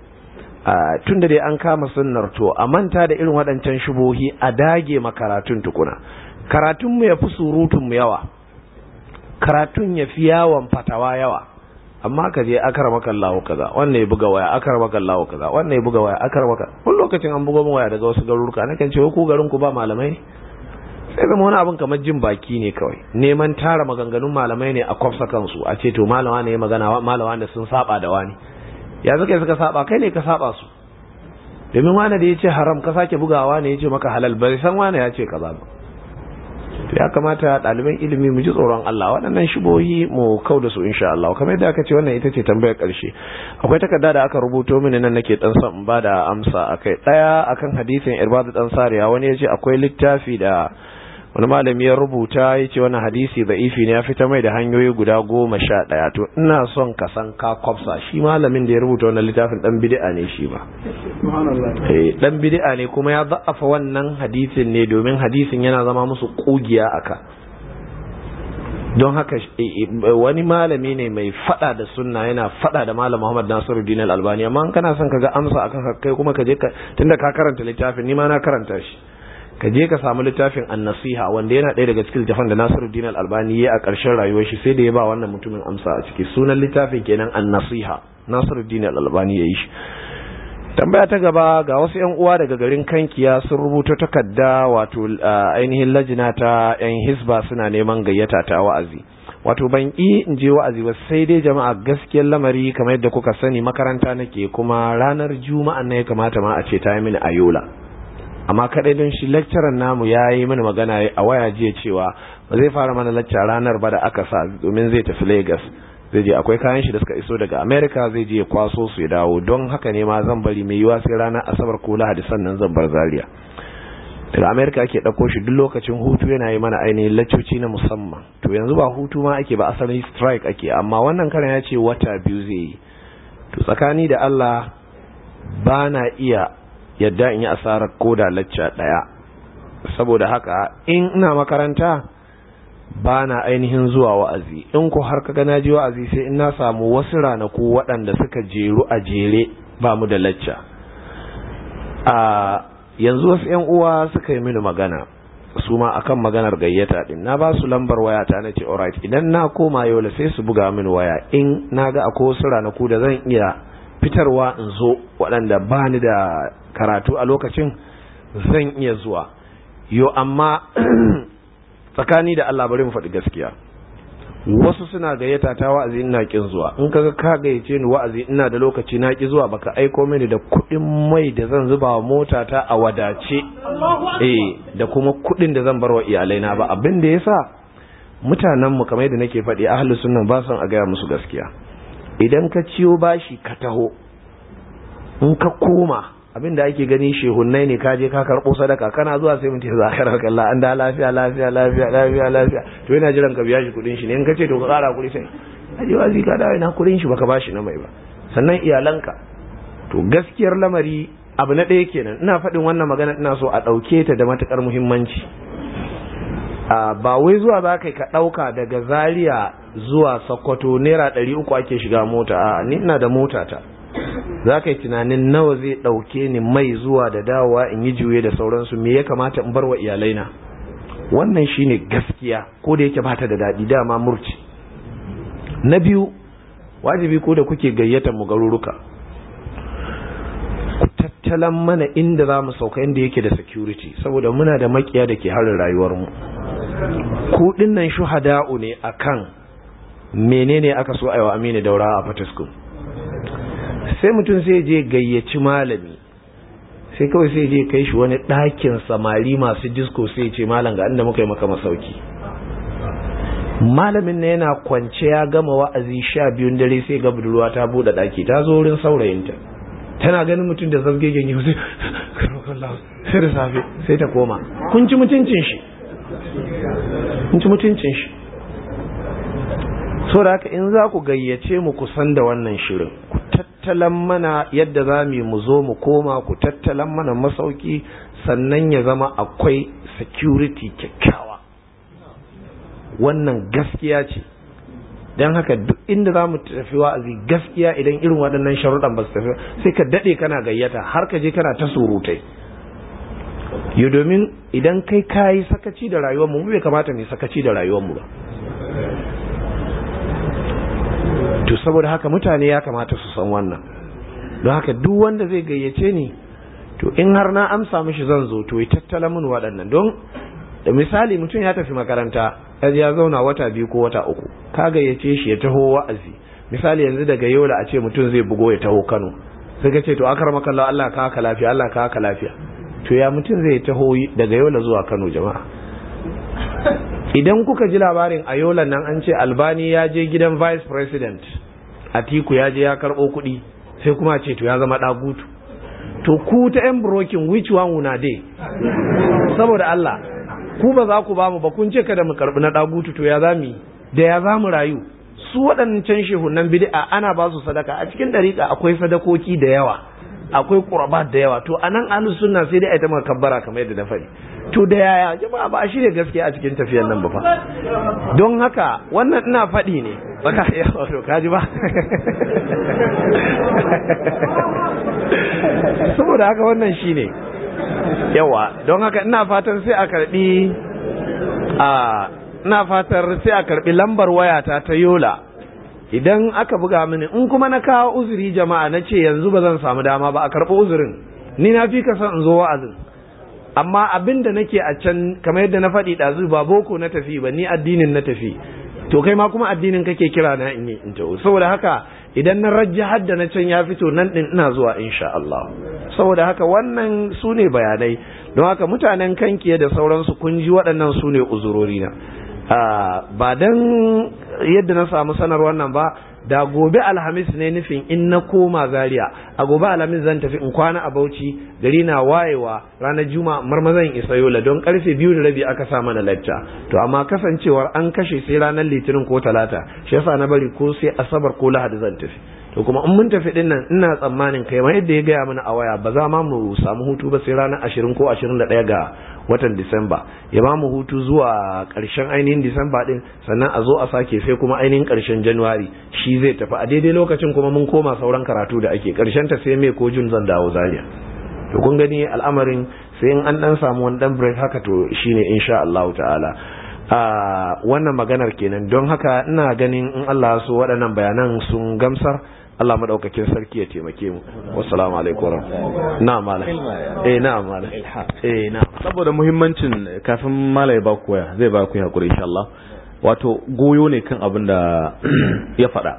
tun da dai an kama sunnar to a manta da irin waɗancan shubohi a dage makaratun tukuna karatunmu ya fi surutunmu yawa karatun ya fi yawon fatawa yawa amma ka je maka Allahu kaza wannan ya buga waya maka Allahu kaza wannan ya buga waya akaramaka kun lokacin an buga waya daga wasu garuruka nakan ce ko garin ku ba malamai sai zama wani abin kamar jin baki ne kawai neman tara maganganun malamai ne a kwafsa kansu a ce to malama ne magana malama ne sun saba da wani ya suka suka saba kai ne ka saba su domin wani da ya ce haram ka sake bugawa ne ya ce maka halal bai san wani ya ce kaza ba to ya kamata ɗaliban ilimi mu ji tsoron Allah waɗannan shigoyi mu kau da su insha Allah kamar yadda aka ce wannan ita ce tambayar ƙarshe akwai takarda da aka rubuto mini nan nake dan son in ba da amsa akai ɗaya akan hadisin irbadu dan sariya wani ya ce akwai littafi da wani malami ya rubuta ya ce wani hadisi da ifi ne ya fita mai da hanyoyi guda goma sha ɗaya to ina son ka san ka kwafsa shi malamin da ya rubuta wannan littafin ɗan bidi'a ne shi ba eh, ɗan bidi'a ne kuma ya za'afa wannan hadisin ne domin hadisin yana zama musu ƙugiya aka don haka eh, eh, wani malami ne mai fada da sunna yana fada da malam Muhammad Nasiru dina Albani amma kana son ka ga amsa akan kai kuma ka je ka tunda ka karanta littafin ni ma na karanta shi ka je ka samu littafin annasiha wanda yana ɗaya daga cikin littafin da Nasiruddin Al-Albani ya a ƙarshen rayuwar shi sai da ya ba wannan mutumin amsa a ciki sunan littafin kenan annasiha Nasiruddin Al-Albani ya yi shi tambaya ta gaba ga wasu yan uwa daga garin Kankiya sun rubuta takarda wato ainihin lajina ta yan hisba suna neman gayyata ta wa'azi wato ban yi in je wa'azi ba sai dai jama'a gaskiyar lamari kamar yadda kuka sani makaranta nake kuma ranar juma'a na ya kamata ma a ce ta yi mini ayola amma kadai don shi lecturer namu ya yi mana magana a waya jiya cewa ba zai fara mana lacca ranar ba da aka sa domin zai tafi Lagos zai je akwai kayan shi da suka iso daga America zai je kwaso su ya dawo don haka ne ma zan bari mai yiwa sai ranar Asabar ko Lahadi sannan zan bar Zaria daga America ake dauko shi duk lokacin hutu yana yi mana ainihin laccoci na musamman to yanzu ba hutu ma ake ba asalin strike ake amma wannan karan ya ce wata biyu zai yi to tsakani da Allah ba na iya yadda in yi asarar koda lacca ɗaya saboda haka in ina makaranta ba na ainihin zuwa wa'azi in ku har kaga na ji wa'azi sai in na samu wasu ranaku waɗanda suka jeru a jere ba mu da lacca a yanzu wasu yan uwa suka yi mini magana su ma akan maganar gayyata din na ba su lambar waya ta nace alright idan na koma yola sai su buga mini waya in na ga akwai wasu ranaku da zan iya fitarwa in zo waɗanda ba ni da karatu a lokacin zan iya zuwa yo amma tsakani da Allah bari mu faɗi gaskiya wasu suna gayyata ta wa'azi ina kin zuwa in kaga ka gayyace ni wa'azi ina da lokaci na ki zuwa baka aiko mini da kuɗin mai da zan zuba wa mota ta a wadace eh da kuma kuɗin da zan bar wa iyalai na ba abin da yasa mutanen mu kamar yadda nake faɗi ahlus sunna ba san a gaya musu gaskiya idan ka ciyo bashi ka taho in ka koma abin da ake gani shehunnai ne kaje ka karɓo sadaka kana zuwa sai mutum za ka raka Allah an da lafiya lafiya lafiya lafiya lafiya to yana jiran ka biya shi kudin shi ne in ka ce to ka ƙara kuɗi sai aje wazi ka dawo ina kudin shi baka bashi na mai ba sannan iyalanka to gaskiyar lamari abu na ɗaya kenan ina faɗin wannan magana ina so a ɗauke ta da matuƙar muhimmanci ba wai zuwa za ka ka ɗauka daga zaria zuwa sokoto naira ɗari uku ake shiga mota a ni ina da mota ta za ka yi tunanin nawa zai ɗauke ni mai zuwa da dawowa in yi juye da sauransu me ya kamata in bar wa iyalai na wannan shine gaskiya ko da yake bata da daɗi dama murci na biyu wajibi ko da kuke gayyata mu garuruka ku tattalan mana inda za mu sauka inda yake da security saboda muna da makiya da ke harin rayuwarmu ku nan shuhada'u ne akan menene aka so aiwa Aminu Daura a Fatasko sai mutum sai je gayyaci malami sai kawai sai je kai shi wani ɗakin samari masu disko sai ce malam ga inda muka yi maka masauki malamin na yana kwance ya gama wa'azi sha biyun dare sai ga budurwa ta buɗe ɗaki ta zo wurin saurayinta tana ganin mutum da zabgegen yau sai sai ta koma kun ci mutuncin shi in ci mutuncin shi so da haka in za ku gayyace mu kusan da wannan shirin ku tattalan mana yadda za mu zo mu koma ku tattalan mana masauki sannan ya zama akwai security kyakkyawa wannan gaskiya ce don haka duk inda za mu tafi wa'azi gaskiya idan irin waɗannan sharuɗan ba su tafi sai ka daɗe kana gayyata har ka je kana ta surutai yi domin idan kai kayi sakaci da rayuwar mu bai kamata mu sakaci da rayuwar mu ba to saboda haka mutane ya kamata su san wannan don haka duk wanda zai gayyace ni to in har na amsa mishi zan zo to ya tattala mun waɗannan don da misali mutum ya tafi makaranta ya zauna wata biyu ko wata uku ka gayyace shi ya taho wa'azi misali yanzu daga yola a ce mutum zai bugo ya taho kano sai ka ce to akar makalla Allah ka haka lafiya Allah ka haka lafiya to ya mutum zai taho daga yola zuwa kano jama'a idan kuka ji labarin a yola nan an ce albani ya je gidan vice president atiku ya je ya karɓo kuɗi sai kuma ce to ya zama ɗagutu to ku ta yan brokin which one una dey saboda Allah ku ba za ku ba mu ba kun ce kada mu karɓi na ɗagutu to ya za mu da ya za mu rayu su waɗannan can waɗancan shehunan bidi'a ana ba su sadaka a cikin ɗariƙa akwai sadakoki da yawa akwai qurbat da yawa to anan ahlus sunna sai dai yi ta makabbara kamar yadda na faɗi to da yaya jama'a ba shi ne gaskiya a cikin tafiyar nan ba fa don haka wannan ina faɗi ne baka yawa to kaji ba saboda haka wannan shine yawa don haka ina fatan sai a karbi a ina fatar sai a karbi lambar wayata ta yola idan aka buga mini in kuma na kawo uzuri jama'a na ce yanzu ba zan samu dama ba a karɓi uzurin ni na fi ka in zo wa'azin amma abin da nake a can kamar yadda na faɗi ɗazu ba boko na tafi ba ni addinin na tafi to kai ma kuma addinin kake kira na in yi in saboda haka idan na rajja hadda na can ya fito nan din ina zuwa insha Allah saboda haka wannan su ne bayanai don haka mutanen kankiye da sauransu kun ji waɗannan su ne uzurori na Ah, ba don yadda na samu sanar wannan ba da gobe alhamis ne nufin in na koma zaria a gobe alhamis zan tafi in kwana a bauchi gari na wayewa ranar juma marmazan isa yola don karfe biyu da rabi aka sa mana lacca to amma kasancewar an kashe sai ranar litinin ko talata shi yasa na bari ko sai asabar ko lahadi zan tafi to kuma in mun tafi dinnan ina tsammanin kai ma yadda ya gaya mana a waya ba za ma mu samu hutu ba sai ranar ashirin ko ashirin da ɗaya ga watan disamba ya ba mu hutu zuwa ƙarshen ainihin disamba din sannan a zo a sake sai kuma ainihin ƙarshen januwari shi zai tafi a daidai lokacin kuma mun koma sauran karatu da ake ƙarshen ta sai mai ko jin zan dawo zaria to kun gani al'amarin sai in an dan samu wani dan break haka to shine insha Allah ta'ala a wannan maganar kenan don haka ina ganin in Allah so waɗannan bayanan sun gamsar Allah madaukakin sarki ya taimake mu wassalamu alaikum Na malam eh Na malam eh na saboda muhimmancin kafin malam ya ba waya zai ba ku hakuri insha Allah wato goyo ne kan abin da ya faɗa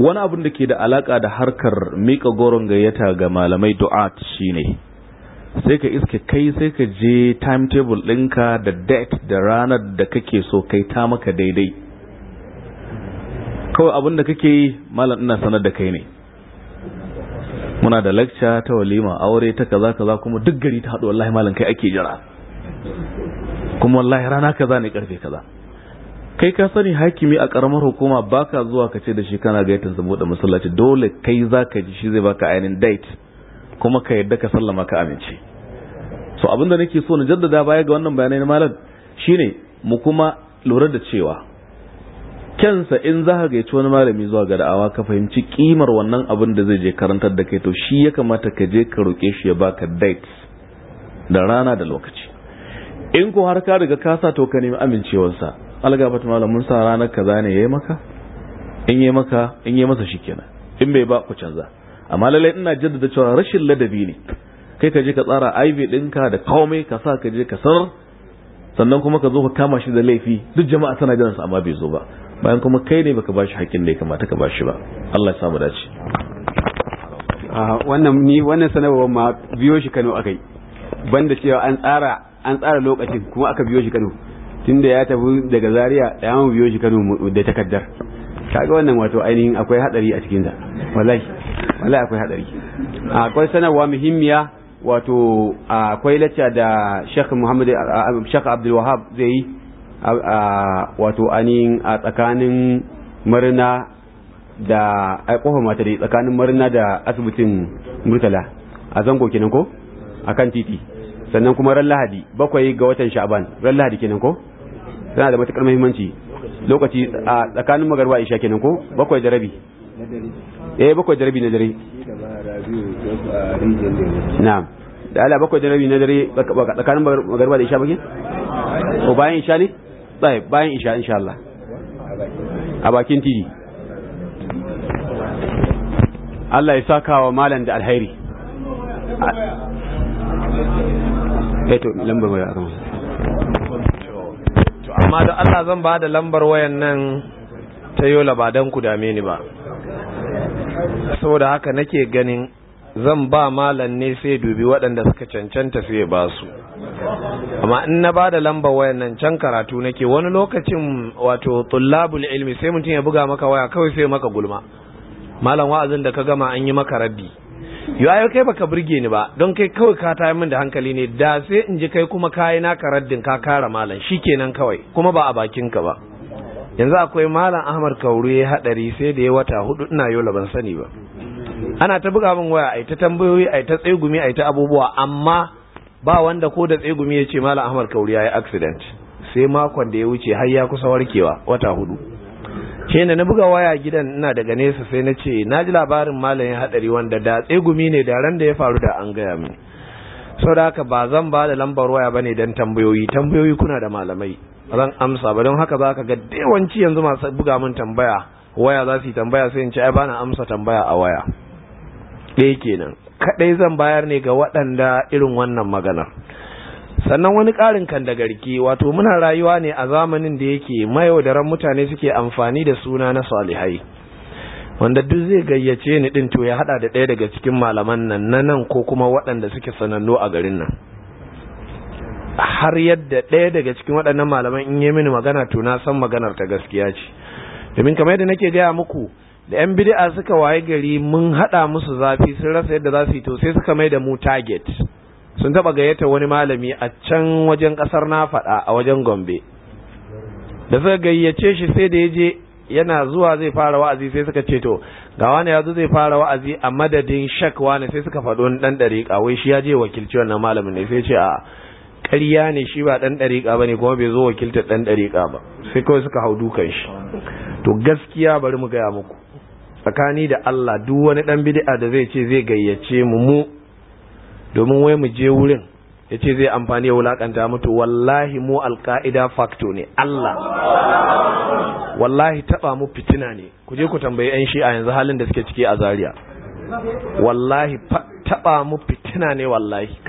wani abin da ke da alaka da harkar mika goron gayyata ga malamai du'at shine sai ka iske kai sai ka je timetable ɗinka da date da ranar da kake so kai ta maka daidai kawai abin da kake yi malam ina sanar da kai ne muna da lakca ta walima aure ta kaza kaza kuma duk gari ta haɗu wallahi malam kai ake jira kuma wallahi rana kaza ne karfe kaza kai ka sani hakimi a karamar hukuma baka zuwa ka ce da shi kana gaitin zamo da masallaci dole kai za ka ji shi zai baka ainihin date kuma ka yadda ka sallama ka amince so abinda nake so na jaddada baya ga wannan bayanai na malam shine mu kuma lura da cewa kyansa in za ka gaici wani malami zuwa ga da'awa ka fahimci kimar wannan abin da zai je karantar da kai to shi ya kamata ka je ka roƙe shi ya baka date da rana da lokaci in ko har ka riga kasa to ka nemi amincewarsa algabat malamin sa ranar kaza ne yayi maka in yayi maka in yayi masa shikenan in bai ba ku canza amma lallai ina jaddada cewa rashin ladabi ne kai ka je ka tsara IV ɗinka da komai ka sa ka je ka sanar sannan kuma ka zo ka kama shi da laifi duk jama'a tana jiran sa amma bai zo ba bayan kuma kai ne baka bashi hakkin da ya kamata ka bashi ba Allah ya samu dace ah, wannan ni wannan sanarwar ma biyo shi Kano akai banda cewa an tsara an tsara lokacin kuma aka biyo shi Kano tunda ya tafi daga Zaria da mu biyo shi Kano da takaddar kaga wannan wato ainihin akwai hadari a cikin sa wallahi wallahi akwai hadari ah, akwai sanarwa muhimmiya wato ah, akwai lacca da Sheikh Muhammad Sheikh Abdul Wahab zai yi wato anin a tsakanin murna da a kofar mata dai tsakanin murna da asibitin murtala a zango kenan ko a kan titi sannan kuma ran lahadi bakwai ga watan sha'aban ran lahadi kenan ko tana da matukar muhimmanci lokaci a tsakanin magarba isha kenan ko bakwai da rabi eh bakwai da rabi na dare na'am da ala bakwai da rabi na dare tsakanin magarba da isha bakin ko bayan isha ne tsaye bayan isha insha Allah a bakin tiri Allah ya saka wa malam da alhairi eto lambar waya to amma da Allah zan ba da lambar wayan nan ta yola ba dan ku dame ni ba saboda haka nake ganin zan ba malam ne sai dubi waɗanda suka cancanta sai ba su amma in na ba da lambar wayan nan can karatu nake wani lokacin wato tullabul ilmi sai mutum ya buga maka waya kawai sai maka gulma malam wa'azin da ka gama an yi maka rabbi yau kai baka burge ni ba don kai kawai ka tayi min da hankali ne da sai in ji kai kuma kayi na raddin ka kara malam shikenan kawai kuma ba a bakin ka ba yanzu akwai malam Ahmad Kauru ya hadari sai da ya wata hudu ina yola ban sani ba ana ta buga min waya ai ta tambayoyi ai ta tsegumi ai ta abubuwa amma ba wanda ko da tsegumi ya ce malam ahmad kauri ya yi accident sai makon da ya wuce har ya kusa warkewa wata hudu shi na buga waya gidan ina daga nesa sai na ce na ji labarin malamin hadari wanda da tsegumi ne da ran da ya faru da an gaya mini sau da haka ba zan ba da lambar waya ba ne don tambayoyi tambayoyi kuna da malamai zan amsa ba don haka za ka ga yawanci yanzu masu buga min tambaya waya za su yi tambaya sai in ce ai bana amsa tambaya a waya ɗaya kenan kaɗai zan bayar ne ga waɗanda irin wannan magana. sannan wani ƙarin kan da garki wato muna rayuwa ne a zamanin da yake mayaudaran mutane suke amfani da suna na salihai wanda duk zai gayyace ni ɗin to ya haɗa da ɗaya daga cikin malaman nan na nan ko kuma waɗanda suke sanannu a garin nan har yadda ɗaya daga cikin waɗannan malaman in yi mini magana to na san maganar ta gaskiya ce domin kamar yadda nake gaya muku da yan bid'a suka waye gari mun hada musu zafi sun rasa yadda za su yi to sai suka mai da mu target sun taba gayyata wani malami a can wajen kasar na faɗa a wajen gombe da suka gayyace shi sai da ya yana zuwa zai fara wa'azi sai suka ce to ga wani yazo zai fara wa'azi a madadin shak wani sai suka faɗo ni ɗan ɗariƙa wai shi ya je wakilci wannan malamin ne sai ce a ƙarya ne shi ba ɗan ɗariƙa ba kuma bai zo wakiltar ɗan ɗariƙa ba sai kawai suka hau dukan shi to gaskiya bari mu gaya muku tsakani da Allah duk wani dan bid'a da zai ce zai gayyace mu mu domin wai mu je wurin yace zai amfani ya wulakanta mutu wallahi mu alqaida facto ne Allah wallahi taba mu fitina ne ku je ku tambayi yan shi'a yanzu halin da suke ciki a Zariya. wallahi taba mu fitina ne wallahi